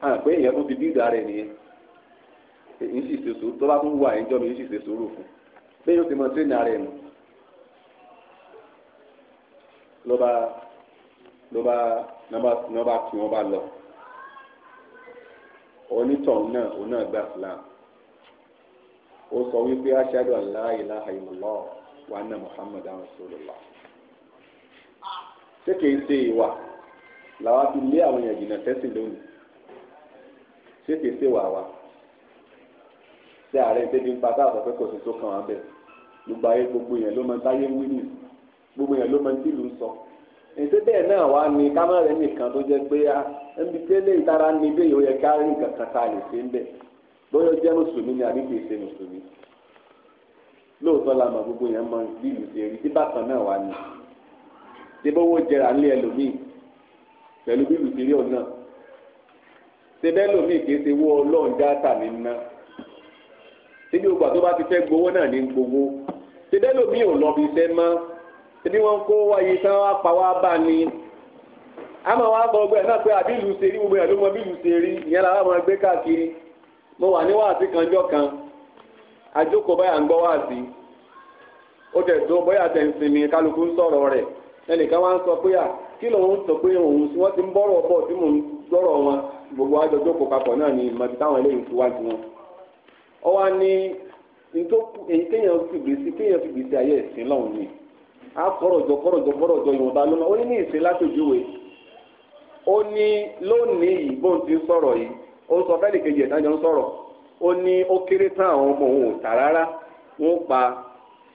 hàn pé èèyàn tó ti bí ìdá rẹ̀ nìyẹn èyí sì ṣe sùúrù tó bá tún wà ẹ̀jọ́ mi èyí sì ṣe sùúrù fún pé yóò ti mọ tí ìnà rẹ̀ nù ló bá ló bá ní bá tì wọ́n bá lọ onítọ̀hún náà òun náà gbà fúlàmù ó sọ wípé ashadu an la ilaha illallah wa anna muhammadan rasulullah ṣé kìí ṣe ìwà làwa fi lé àwọn èèyàn jìnnà tẹ́sí lónìí ṣé kìí ṣe wà wá ṣé ààrẹ ìdẹ́bí ń pa táàbọ̀ pé kò sí tó kàn wá bẹ́ẹ̀ gbogbo ayé gbogbo èèyàn ló máa ń táyé wí gbogbo èèyàn ló máa ń tìlú sọ èsì bẹ́ẹ̀ náà wá ní kámẹ́rẹ́ nìkan tó jẹ́ pé ah, ẹnbi tẹ́lẹ̀ ìtara ní bẹ́ẹ̀ yóò yẹ ká rí nǹkan kan tá lè ṣe ń bẹ́ẹ̀ bóyá jẹ́ mùsùlùmí ni àbí kìí ṣe mùsùlùmí lóòótọ́ la mọ̀ gbogbo yẹn mọ bí ìlú ṣe rí tí bákan náà wà ní ṣé bówó jẹrà ńlẹ̀ ẹlòmíì pẹ̀lú bí ìlú ṣe rí ọ̀nà ṣé bẹ́ẹ̀ lòmíì kìí ṣe wọ́ ọlọ́run já tà ní ná ṣé bí ogbà tó bá ti fẹ́ gbowó náà ní gbowó ṣé bẹ́ẹ̀ lòmíì ò lọ bí iṣẹ́ mọ́ ṣé bí wọ́n kó wáyé tán wá pa wá bá ni àmọ́ wá gbọ́ ọgbẹ́ náà pé àbí ìlú ṣe rí gbogbo mọ ìlú ṣe rí ìyẹn làwọn ọmọ ẹgbẹ́ káàkiri mo wà ní wáàsí jọ kan àjókòó báyà ń wa wáàsí ó tẹ̀ tó bóyá tẹ̀ ń sinmi kálukú ń sọ̀rọ̀ rẹ̀ ẹnìkan wá ń sọ pé à kí lòun sọ pé òun wọ́n ti ń bọ́rọ̀ bọ̀ tí mò ń gbọ́rọ̀ wọn gbogbo àjọ jókòó papọ̀ náà ni màtí táwọn èyí kéèyàn kéèyàn ẹ̀sìn ni a kọ̀rọ̀jọ jọ kọ̀rọ̀jọ jọ ló ó sọ fẹ́ẹ̀lì kejì ẹ̀ tájọ ń sọ̀rọ̀ ó ní ó kéré tán àwọn ọmọ òun ò tà rárá wọ́n pa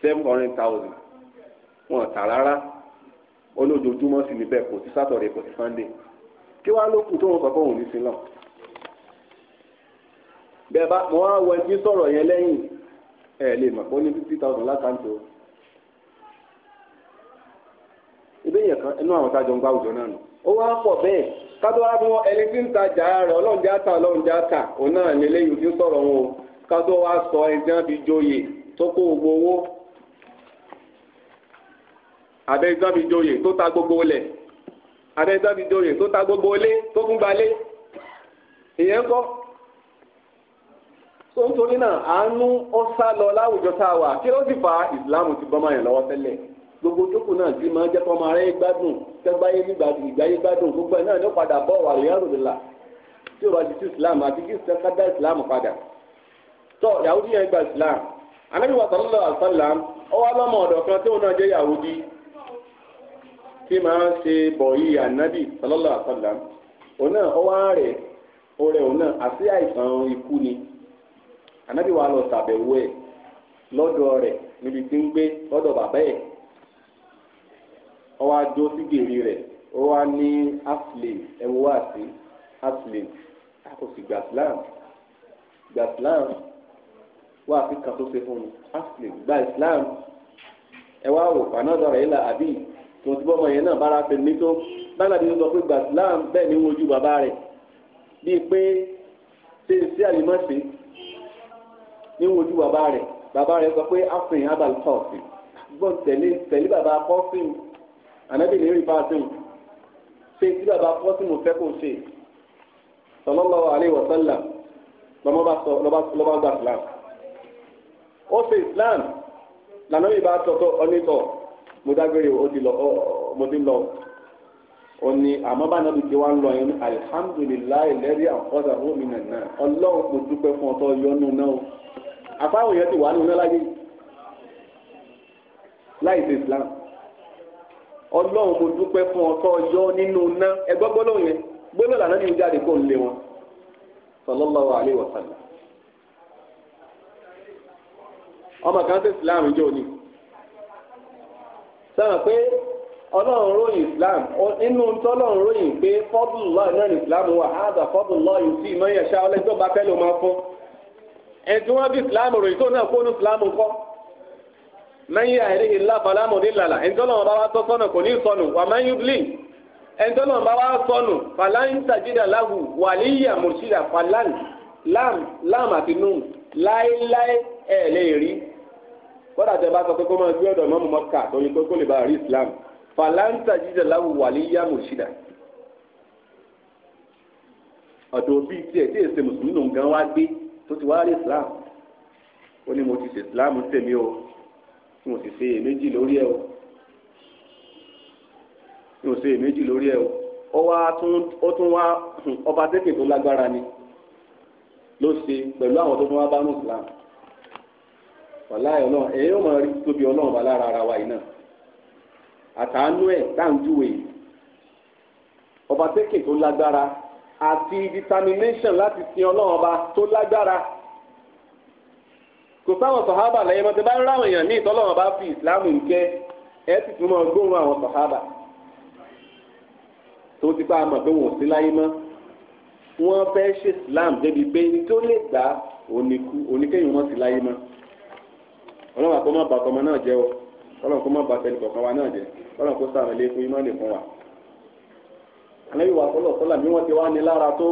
seven hundred thousand wọn ò tà rárá olójoojúmọ́ sì níbẹ̀ kò sí sátọ̀dẹ̀ kò sí sànńdẹ̀ kí wàá ló kù tó wọn sọ fún òun ní sílọ̀ bẹ́ẹ̀ bá mo wá wọ ẹni sọ̀rọ̀ yẹn lẹ́yìn ẹ̀ lè mọ̀ pé ó ní fifty thousand lákàntó ṣebí yẹn kan ẹnu àwọn tájọ ń gbá àwùjọ náà nù ó wá pọ̀ bẹ́ẹ̀ kátó wá fún ẹni tí ń rẹ̀ ọlọ́run já ta ọlọ́run já ta òun náà tí sọ̀rọ̀ wọn o kátó wá sọ ẹni tí joyè tó kó gbogbo owó ta gbogbo lẹ̀ ta gbogbo lé tó fún gbalé ìyẹn àánú lọ láwùjọ tá a wà kí fa ti gbogbo tókù náà ti máa jẹ́ kọ́ máa rẹ́ gbádùn tẹ́gbáyé ìgbáyé gbádùn gbogbo ẹ̀ náà ló padà bọ́ wà lóyún àròlélà tí o bá ti tú islam àti kí sẹ́ká dá islam padà tọ́ yahudi yẹn gba islam anabi wa sallallahu alaihi wasallam ọ wá lọ́mọ ọ̀dọ̀ kan tí òun náà jẹ́ yahudi tí máa ń ṣe bọ̀yì anabi sallallahu alaihi wasallam òun náà ọ wá rẹ̀ ó rẹ̀ òun náà àti àìsàn ikú ni anabi wa lọ ṣàbẹ̀wò ẹ̀ lọ́dọ̀ rẹ̀ níbi tí ń gbé lọ́dọ̀ bàbá ẹ̀ ọwọ́ adó sí gèlè rẹ̀ ó wá ní aslim ẹ̀wọ́ wá sí aslim kò sì gbà islam gbà islam wá sí kan tó ṣe fún aslim gbà islam ẹ wá wò fanadara ila àbí tó ti bọ́mọ yẹn náà bára pè mí tó bánàbí tó sọ pé gbà islam bẹ́ẹ̀ ni wojú bàbá rẹ̀ bíi pé ṣe é ni àyèmọ́sí ní wojú bàbá rẹ̀ bàbá rẹ̀ sọ pé afrin abal kọ́ọ̀fin gbọ́n tẹ̀lé tẹ̀lé bàbá kọ́ọ̀fin ànábì ní rí fásitì ṣe tí bàbá pọ́sìmù fẹ́ kò ṣe sallallahu alaihi wasallam lọ́ba gba islam ó ṣe islam lànà mi bá tọ́tọ́ ọ́nítọ̀ mo o ó ti lọ mo ti lọ ó ní àmọ́ bá náà ti wá ń lọ yẹn alihamudulilayi lẹ́rí àkọ́dà rómìnà náà ọlọ́run kò dúpẹ́ fún ọtọ́ yọnu náà àfáwọn yẹn ti wà nínú náà láyé láì ṣe islam. ọlọ́run mo dúpẹ́ fún ọ yọ nínú ná ẹgbẹ́ gbólóhùn yẹn gbólóhùn lànà ní ìjáde kó lé wọn sallallahu alaihi wasallam. ọmọ kan ṣe islam ìjọ ni sọ̀rọ̀ pé ọlọ́run ròyìn islam nínú tọ́lọ́run ròyìn pé náà ní islam wà áàdà yìí sí ọlẹ́jọ́ bá fẹ́ ló máa fún ẹ̀ tí wọ́n bí islam ròyìn náà kó ní islam man yahdihillah fala mudilla lahu ẹni tọ́lọ́run bá wá tọ́ sọ́nà kò ní sọnù wa man yudlil ẹni tọ́lọ́run bá wá sọnù falan tajida lahu لام murshida falan لاي lam àti nù láéláé ẹ̀ lè rí kódà tẹ bá sọ pé kó máa gbé ọ̀dọ̀ mọ́mú mọ́kà tó ní kókó lè bá rí islam falan tajida lahu waliyyan murshida ọ̀dọ̀ òbí tiẹ̀ tí èsè mùsùlùmí nù gan wá gbé tó ti wá rí islam ó ní mo ti ṣe islam tèmi o tí mo sì ṣe èméjì lórí ẹ o o wá ọba tẹ́kẹ̀ tó lágbára ni ló ṣe pẹ̀lú àwọn tó tún wá bá ní Islam wàláyé ọlọ́run ẹ̀yin ó máa rí tóbi ọlọ́run bá lára ara wa yìí náà àtàánú ọba tó lágbára àti determination láti sin ọba tó tó sáwọn sọ̀hábà lẹ́yìn mọ́ tẹ bá ń ráwọn èèyàn ní ìtọ́lọ́wọ́n bá fi ìsìlámù ń kẹ́ ẹ sì tún máa gbóhùn àwọn sọ̀hábà tó ti pa àmọ̀ pé wọ́n sí láyé mọ́ wọ́n fẹ́ ṣe ìsìlámù débi pé ní tó lè gbà oníkú oníkéyìn wọn sí láyé mọ́ ọlọ́run àpò má bàtọ́ ọmọ náà jẹ́ o ọlọ́run kó má bàtẹ́ ẹnìkọ̀ọ̀kan wa náà jẹ́ ọlọ́run kó sàrẹ̀ lé fún imá lè fún wa. àlẹ́ ìwà sọ́lọ̀ sọ́lá bí wọ́n ti wá ní lára tó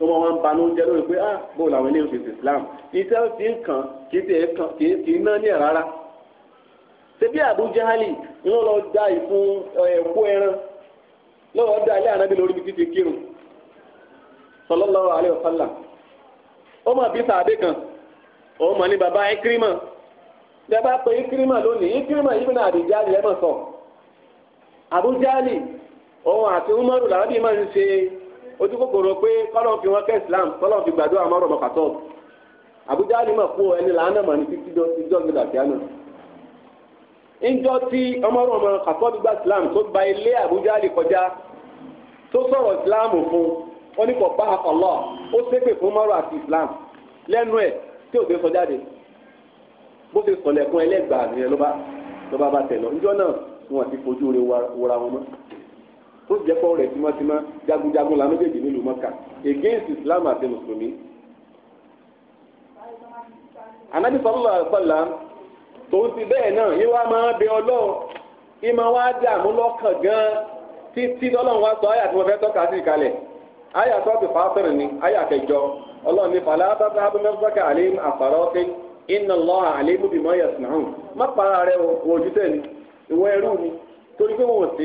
tó wọn wọn banú jẹ lórí pé ah bó làwọn eléyìí ṣèṣe Islam iṣẹ́ ti ń kàn kì í tiẹ̀ kàn kì í kì í ná ní ẹ̀ rárá. ṣebí Abu Jahali ń lọ da ìfun ẹ̀kú ẹran lọ́wọ́ da ilé ànábì lórí ibi títí kírun sallallahu alaihi wasallam ọmọ àbí sàbẹ̀ kan ọmọ ní baba Ikrima bẹ́ẹ̀ pé Ikrima lónìí Ikrima yìí náà àbí jáde ẹ̀ mọ̀ sọ Abu Jahali òun àti Umaru làwọn bí máa ń ṣe o pé kọ́lọ́ fi wọn kẹ́ islam fi gbàdúrà àwọn ọ̀rọ̀ mọ̀kàtọ́ àbújá ni mà fún ẹni làánà mà ní títí tí gba islam tó gba ilé àbújá lè kọjá tó sọ̀rọ̀ islam fún ó kò bá ọlọ́ ó ṣépè fún mọ́rọ̀ àti islam lẹ́nu ẹ̀ tí ò bó ṣe sọlẹ̀ fún ẹlẹ́gbàá nìyẹn ló bá bá wura wọn tó jẹ́ kọ́ rẹ̀ tímọ́tímọ́ jagunjagun la méjèèjì nílùú mọ́kà against islam àti mùsùlùmí. anabi sọlọ́lá àgbàlá tòun ti bẹ́ẹ̀ náà yín wá máa bẹ ọlọ́run yín máa wá dààmú lọ́kàn gan-an títí lọ́lọ́run wá sọ àyà tí mo fẹ́ tọ́ka sí ìkalẹ̀ àyà tó ti fà á sẹ̀rìn ni àyà kẹjọ ọlọ́run ní fàlẹ́ àtàtà abúlé àlẹ́ àfàrọ́ pé iná lọ́ àlẹ́ mú bímọ yẹ̀sùn náà para rẹ̀ wọ ojú tẹ̀ ni ìwọ ẹrú ni torí pé wọn ò sì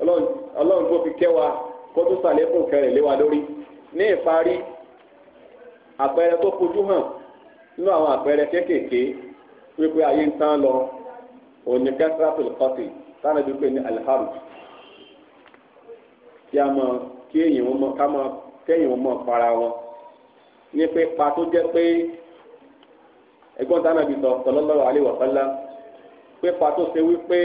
ọlọ́run tó fi kẹ́ wa kó tó sàlékún kẹrìn lé wa lórí ní ìparí àpẹẹrẹ tó fojú hàn nínú àwọn àpẹẹrẹ kéékèèké wípé ayé ń tán lọ òní kẹsàtò lọkọtì tánà bí pé ní aliharu kí a mọ kí èyàn mọ ká mọ kẹyìn mọ para wọn ní pé tó jẹ pé ẹ̀gbọ́n tánà sọ sallallahu alaihi wa sallam pé tó ṣe wípé.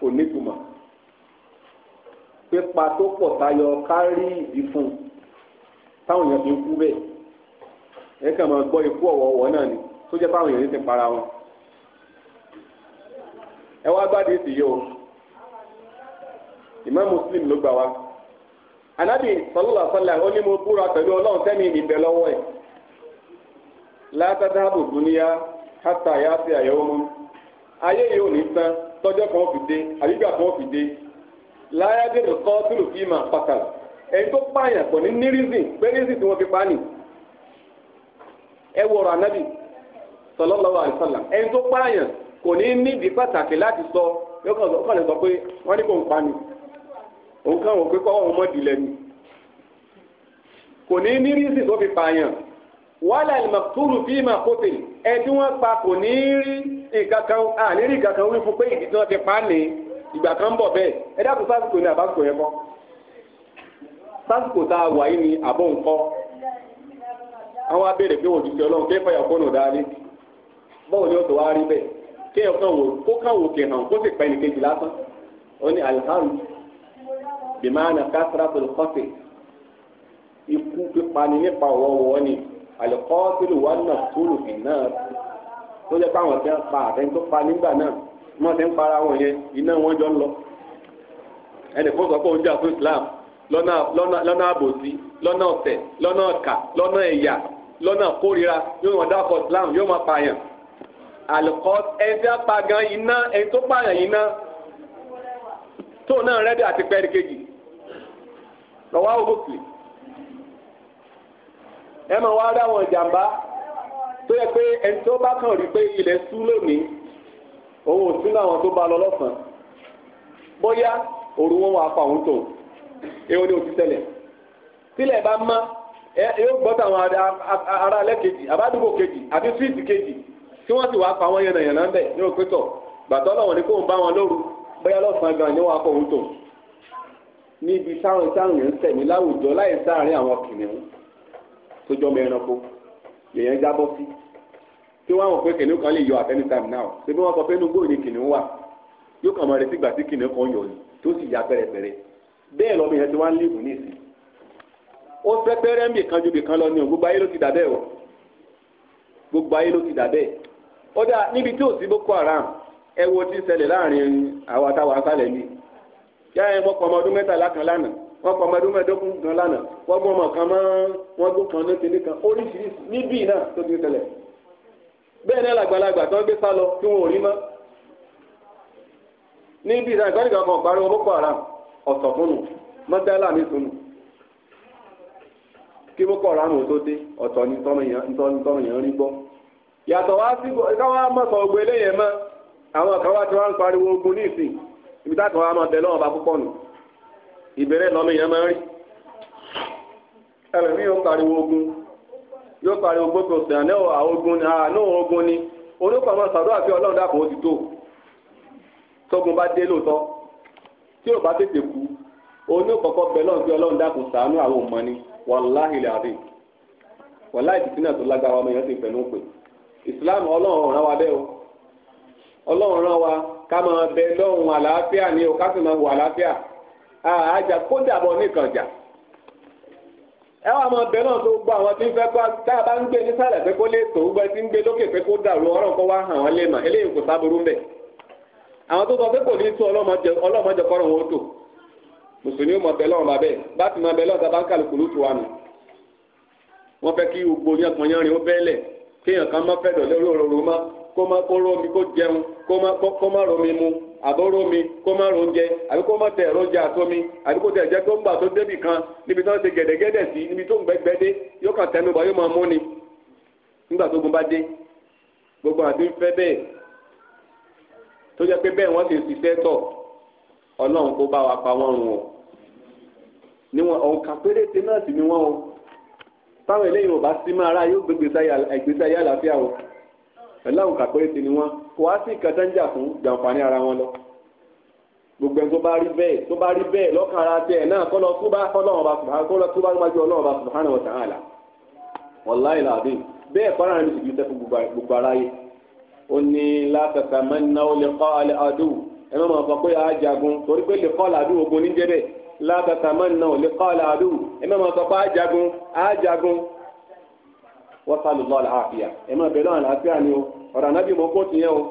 kò nítumọ̀ pípa tó pọ̀ tayọ kárí ìdí fún un táwọn èèyàn fi ń kú bẹ́ẹ̀ ẹ kàn máa gbọ́ ikú ọ̀wọ̀ọ̀wọ̀ náà ni tó jẹ́ èèyàn ti para wọn ẹ wá gbádùn èsì yìí o ìmọ̀ Muslim ló gbà wá anabi sọlọ́lá sọlá ó ní mo búra pẹ̀lú ọlọ́run sẹ́mi ìbẹ̀ lọ́wọ́ ẹ̀ hátà yá sí àyẹ̀wò mọ́ ayé yìí ò ní tán tọ́jọ́ kan fi dé àbígbà kan fi dé láyé dèrò kọ́ tìlù kí ni. pàtàkì ẹni tó pààyàn pọ̀ ní nírísìn fi pa sallallahu alaihi wasallam sọ ni òun kàn wọ́n ni fi wàhálà ìmọ̀kúrú bí mà kópè ẹ tí wọ́n pa kò ní rí nǹkan kan àní rí nǹkan kan wí fún pé ìdí tí wọ́n ti pa á ní ìgbà kan ń bọ̀ bẹ́ẹ̀ ẹ dákun sásìkò ní àbásìkò yẹn kọ́ sásìkò tá a wà yìí ni àbọ̀ nǹkan àwọn abéèrè pé òjijì ọlọ́run kí fàyà kọ́nù dáadé báwo ni ó tó wá rí bẹ́ẹ̀ kí ẹ̀ kàn wò kó kàn wò kì hàn kó sì pẹ́ nìkejì lásán ó ní alhamdu bimana kásárà tó lọ́sẹ̀ àlùkọ́tìlù wà nà kúrò fì náà tó jẹ́ káwọn tẹ́ ń pa àtẹ́ni tó pa nígbà náà wọ́n ti ń para wọn yẹn iná wọn jọ ń lọ ẹnì kan sọ pé òun jà fún Islam lọ́nà àbòsí lọ́nà ọ̀tẹ̀ lọ́nà ọ̀kà lọ́nà ẹ̀yà lọ́nà kórira yóò wọ́n dákọ̀ Islam yóò máa pààyàn àlùkọ́ ẹni tí a pa gan iná ẹni tó pààyàn iná tóun náà rẹ́dí àti pẹ́ẹ́rì kejì lọ́wọ́ àwọn òkùnkùn ẹ máa wá dá wọn jàǹbá tó yẹ pé ẹni tó bá kàn rí pé ilẹ̀ sú lónìí òun ò sínú àwọn tó bá lọ lọ́sàn-án bóyá òru wọn wà fà òun tó èwo ni ó ti ṣẹlẹ̀ tílẹ̀ bá má yóò gbọ́ táwọn ará alẹ́ kejì àbádùgbò kejì àbí fíìsì kejì tí wọ́n sì wá pa àwọn yànnàyànnà bẹ̀ ní òpétọ̀ gbàtọ́ lọ́wọ́ ni kò ń bá wọn lóru bóyá lọ́sàn-án gan ni wọ́n á òun tó níbi táwọn táwọn yẹn ń tẹ̀mí láwùjọ láì sáàárín àwọn kìnìún tó jọ́ mẹ́ranko lèyàn jábọ́ sí tí wọ́n á mọ̀ pé kìnìún kan lè yọ at any time now ṣé bí wọ́n sọ pé inú gbòòrò ni kìnìún wà yóò kàn máa retí ìgbà tí kìnìún kan yọ ni tó sì ya pẹ̀rẹ̀pẹ̀rẹ̀ bẹ́ẹ̀ lọ́mọ yẹn ti wá ń lè wùn nísìn ó fẹ́ pẹ́rẹ́ ń bì kan ju bì kan lọ ni o gbogbo ayé ló ti dà bẹ́ẹ̀ o gbogbo ayé ló ti dà bẹ́ẹ̀ ó dà níbi tí ò sí boko haram ẹ wo ti ṣẹlẹ̀ láàrin àwọn àtàwọn asálẹ̀ ni yáa ẹ mọ́kànlá ọdún mẹ́tàlá kan lánàá wọn pa ọmọdé mẹ́ẹ̀ẹ́dógún gan lana wọ́n gbọ́ ọmọ kan kan ní kan oríṣiríṣi níbí tó ti tó ń gbé sálọ wọn ò rí mọ́ níbi ìsàn ìgbàlódé kan pariwo boko haram ọ̀sọ̀ fúnnu mọ́tẹ́lá mi sunu kí boko haram ò tó dé ọ̀tọ̀ ni tọ́mọ̀yàn rí gbọ́ yàtọ̀ wá sí káwá mọ́ àwọn ogun ní ibi ìbẹ̀rẹ̀ lọ́mọ èèyàn máa ń rí ẹlòmíì yóò ogun yóò pariwo gbogbo sàn náà si ogun ni ogun ni onípa máa sàdúrà pé ọlọ́run dàpọ̀ ó ti tó tógun bá dé lóòótọ́ tí ò bá tètè kú bẹ lọ́run ọlọ́run dàpọ̀ sàánú àwọn ọmọ ni wàláhì wàláhì tó lágbára ọmọ èèyàn ti ọlọ́run o ọlọ́run àjà kódà bọ̀ nìkànjà ẹ wà máa bẹ náà tó gbọ́ àwọn tí ń fẹ́ kọ́ tá a bá ń gbé nísàlẹ̀ pé kó lè tó gbẹ tí ń gbé lókè pé kó dàrú ọ̀rọ̀ kó wá hàn wọ́n lè mà eléyìí kò sábúrú ń bẹ̀ àwọn tó sọ pé kò ní tó ọlọ́mọdé kọ́rọ̀ wọn ó tò mùsùlùmí bá ti sábà ń kàlùkù lùtù wa nù wọ́n kí gbogbo yẹn yẹn rìn ó má àbọ̀rọ̀ mi kó má ro oúnjẹ àbí kó má tẹ ẹ̀rọ oúnjẹ àtọ́mi àbí kó tẹ̀ jẹ́ tó ń gbà tó débì kan níbi tó ń ṣe gẹ̀dẹ̀gẹ̀dẹ̀ sí níbi tó ń gbẹ́gbẹ́ dé yóò kàn tẹnu bá yóò máa mú ni nígbà tó gun bá dé gbogbo àbí fẹ́ bẹ́ẹ̀ tó jẹ́ pé bẹ́ẹ̀ wọ́n ti ṣiṣẹ́ tọ̀ ọlọ́run kó bá wa pa wọ́n run o níwọ̀n òǹkà péréte náà sì ni wọ́n o táwọn eléyìí ò bá sí máa rà yóò gbégbèsè àyàlàfíà o pẹ̀lú àwọn péréte ni wọ́n. kò wá sí nǹkan tó ń jà fún jàǹfààní ara wọn lọ gbogbo ẹni tó bá rí bẹ́ẹ̀ tó bá rí bẹ́ẹ̀ lọ́kàn ara tẹ̀ náà kọ́ lọ tó bá ọlọ́run bá subhanahu kọ́ lọ tó bá wájú ọlọ́run bá subhanahu wa ta'ala wallahi alazim bẹ́ẹ̀ fọ́nrán mi sì ju sẹ́fún gbogbo aráyé ó ní la tatamannaw liqa al-adu ẹ má máa fọ pé a jagun torí pé liqa al-adu ogun ní jẹ́ a jagun a jagun ọ̀rọ̀ ànábì mọ́ kóòtù yẹn o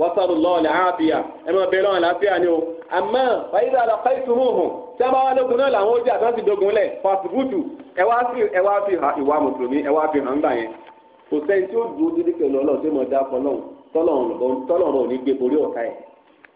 wasalu lọ́wọ́ ní àáfíà ẹ máa bẹ lọ́wọ́ àláfíà ni o àmọ́ fàyídà àlọ́kọ́ ìtumùhùn tí a bá wà lógun náà làwọn ojú àtúntì dogun lẹ̀ fàṣibútù ẹ wá sí ẹ wá fi hàn ìwà mùsùlùmí ẹ wá fi hàn gbà yẹn kò sẹ́ni tí ó dùn dídí pẹ̀lú ọlọ́run tí mo dá fọlọ́run tọ́lọ́run ò ní gbé borí ọ̀tá yẹn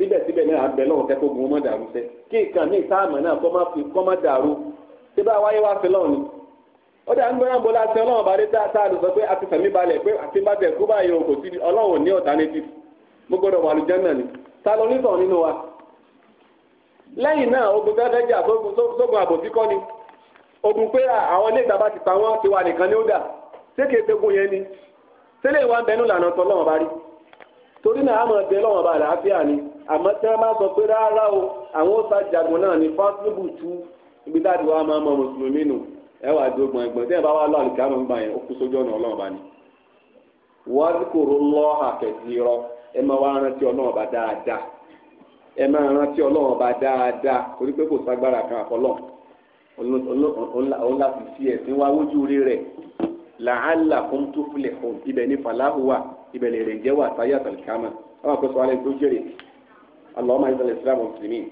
síbẹ̀síbẹ̀ náà àbẹ̀ lọ́wọ́ tẹ́ kó gun ọmọ dàrú sẹ́ kí nǹkan ní ìsáàmù náà kọ́ fi kọ́ dàrú ṣé bá wáyé wá ni. ó dà ń gbé láti ọlọ́wọ́ bá dé pé a ti fẹ̀mí balẹ̀ pé àti bá bẹ̀ kú ní mo wà ni ta ló nínú wa. lẹ́yìn náà ogun fẹ́fẹ́ jà sógun àbòsí ni ogun pé àwọn ilé ti ti wà nìkan ní ó dà ṣé kìí ṣe yẹn àmọ́ tí wọ́n bá sọ pé rárá o àwọn ó sàjàgùn náà ní fásitì tú ibi táàdì wa máa mọ mùsùlùmí nù ẹ wà dó gbọ̀ngbọ̀n tí ẹ bá wà lọ àlùkò àmọ́ nígbà yẹn ó kú sójú ọ̀nà ọlọ́run bá ní. wọ́n ti kòrò lọ àkẹ́sí rọ ẹ máa wá rántí ọlọ́run bá dáadáa ẹ máa rántí ọlọ́run bá dáadáa torí pé kò ságbára kan àkọlọ́ òun láti fi ẹ̀sìn wá wójú rí rẹ̀ làálà kún tó filẹ̀ kún ibẹ̀ ní fàlàhùwà ibẹ̀ lè rè jẹ́wà táyà tàlìkámà اللهم اعز الاسلام والمسلمين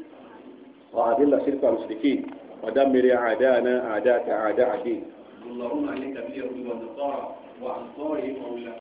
واذل الشرك والمشركين ودمر اعداءنا اعداءك اعداء الدين اللهم عليك باليهود والنصارى وانصارهم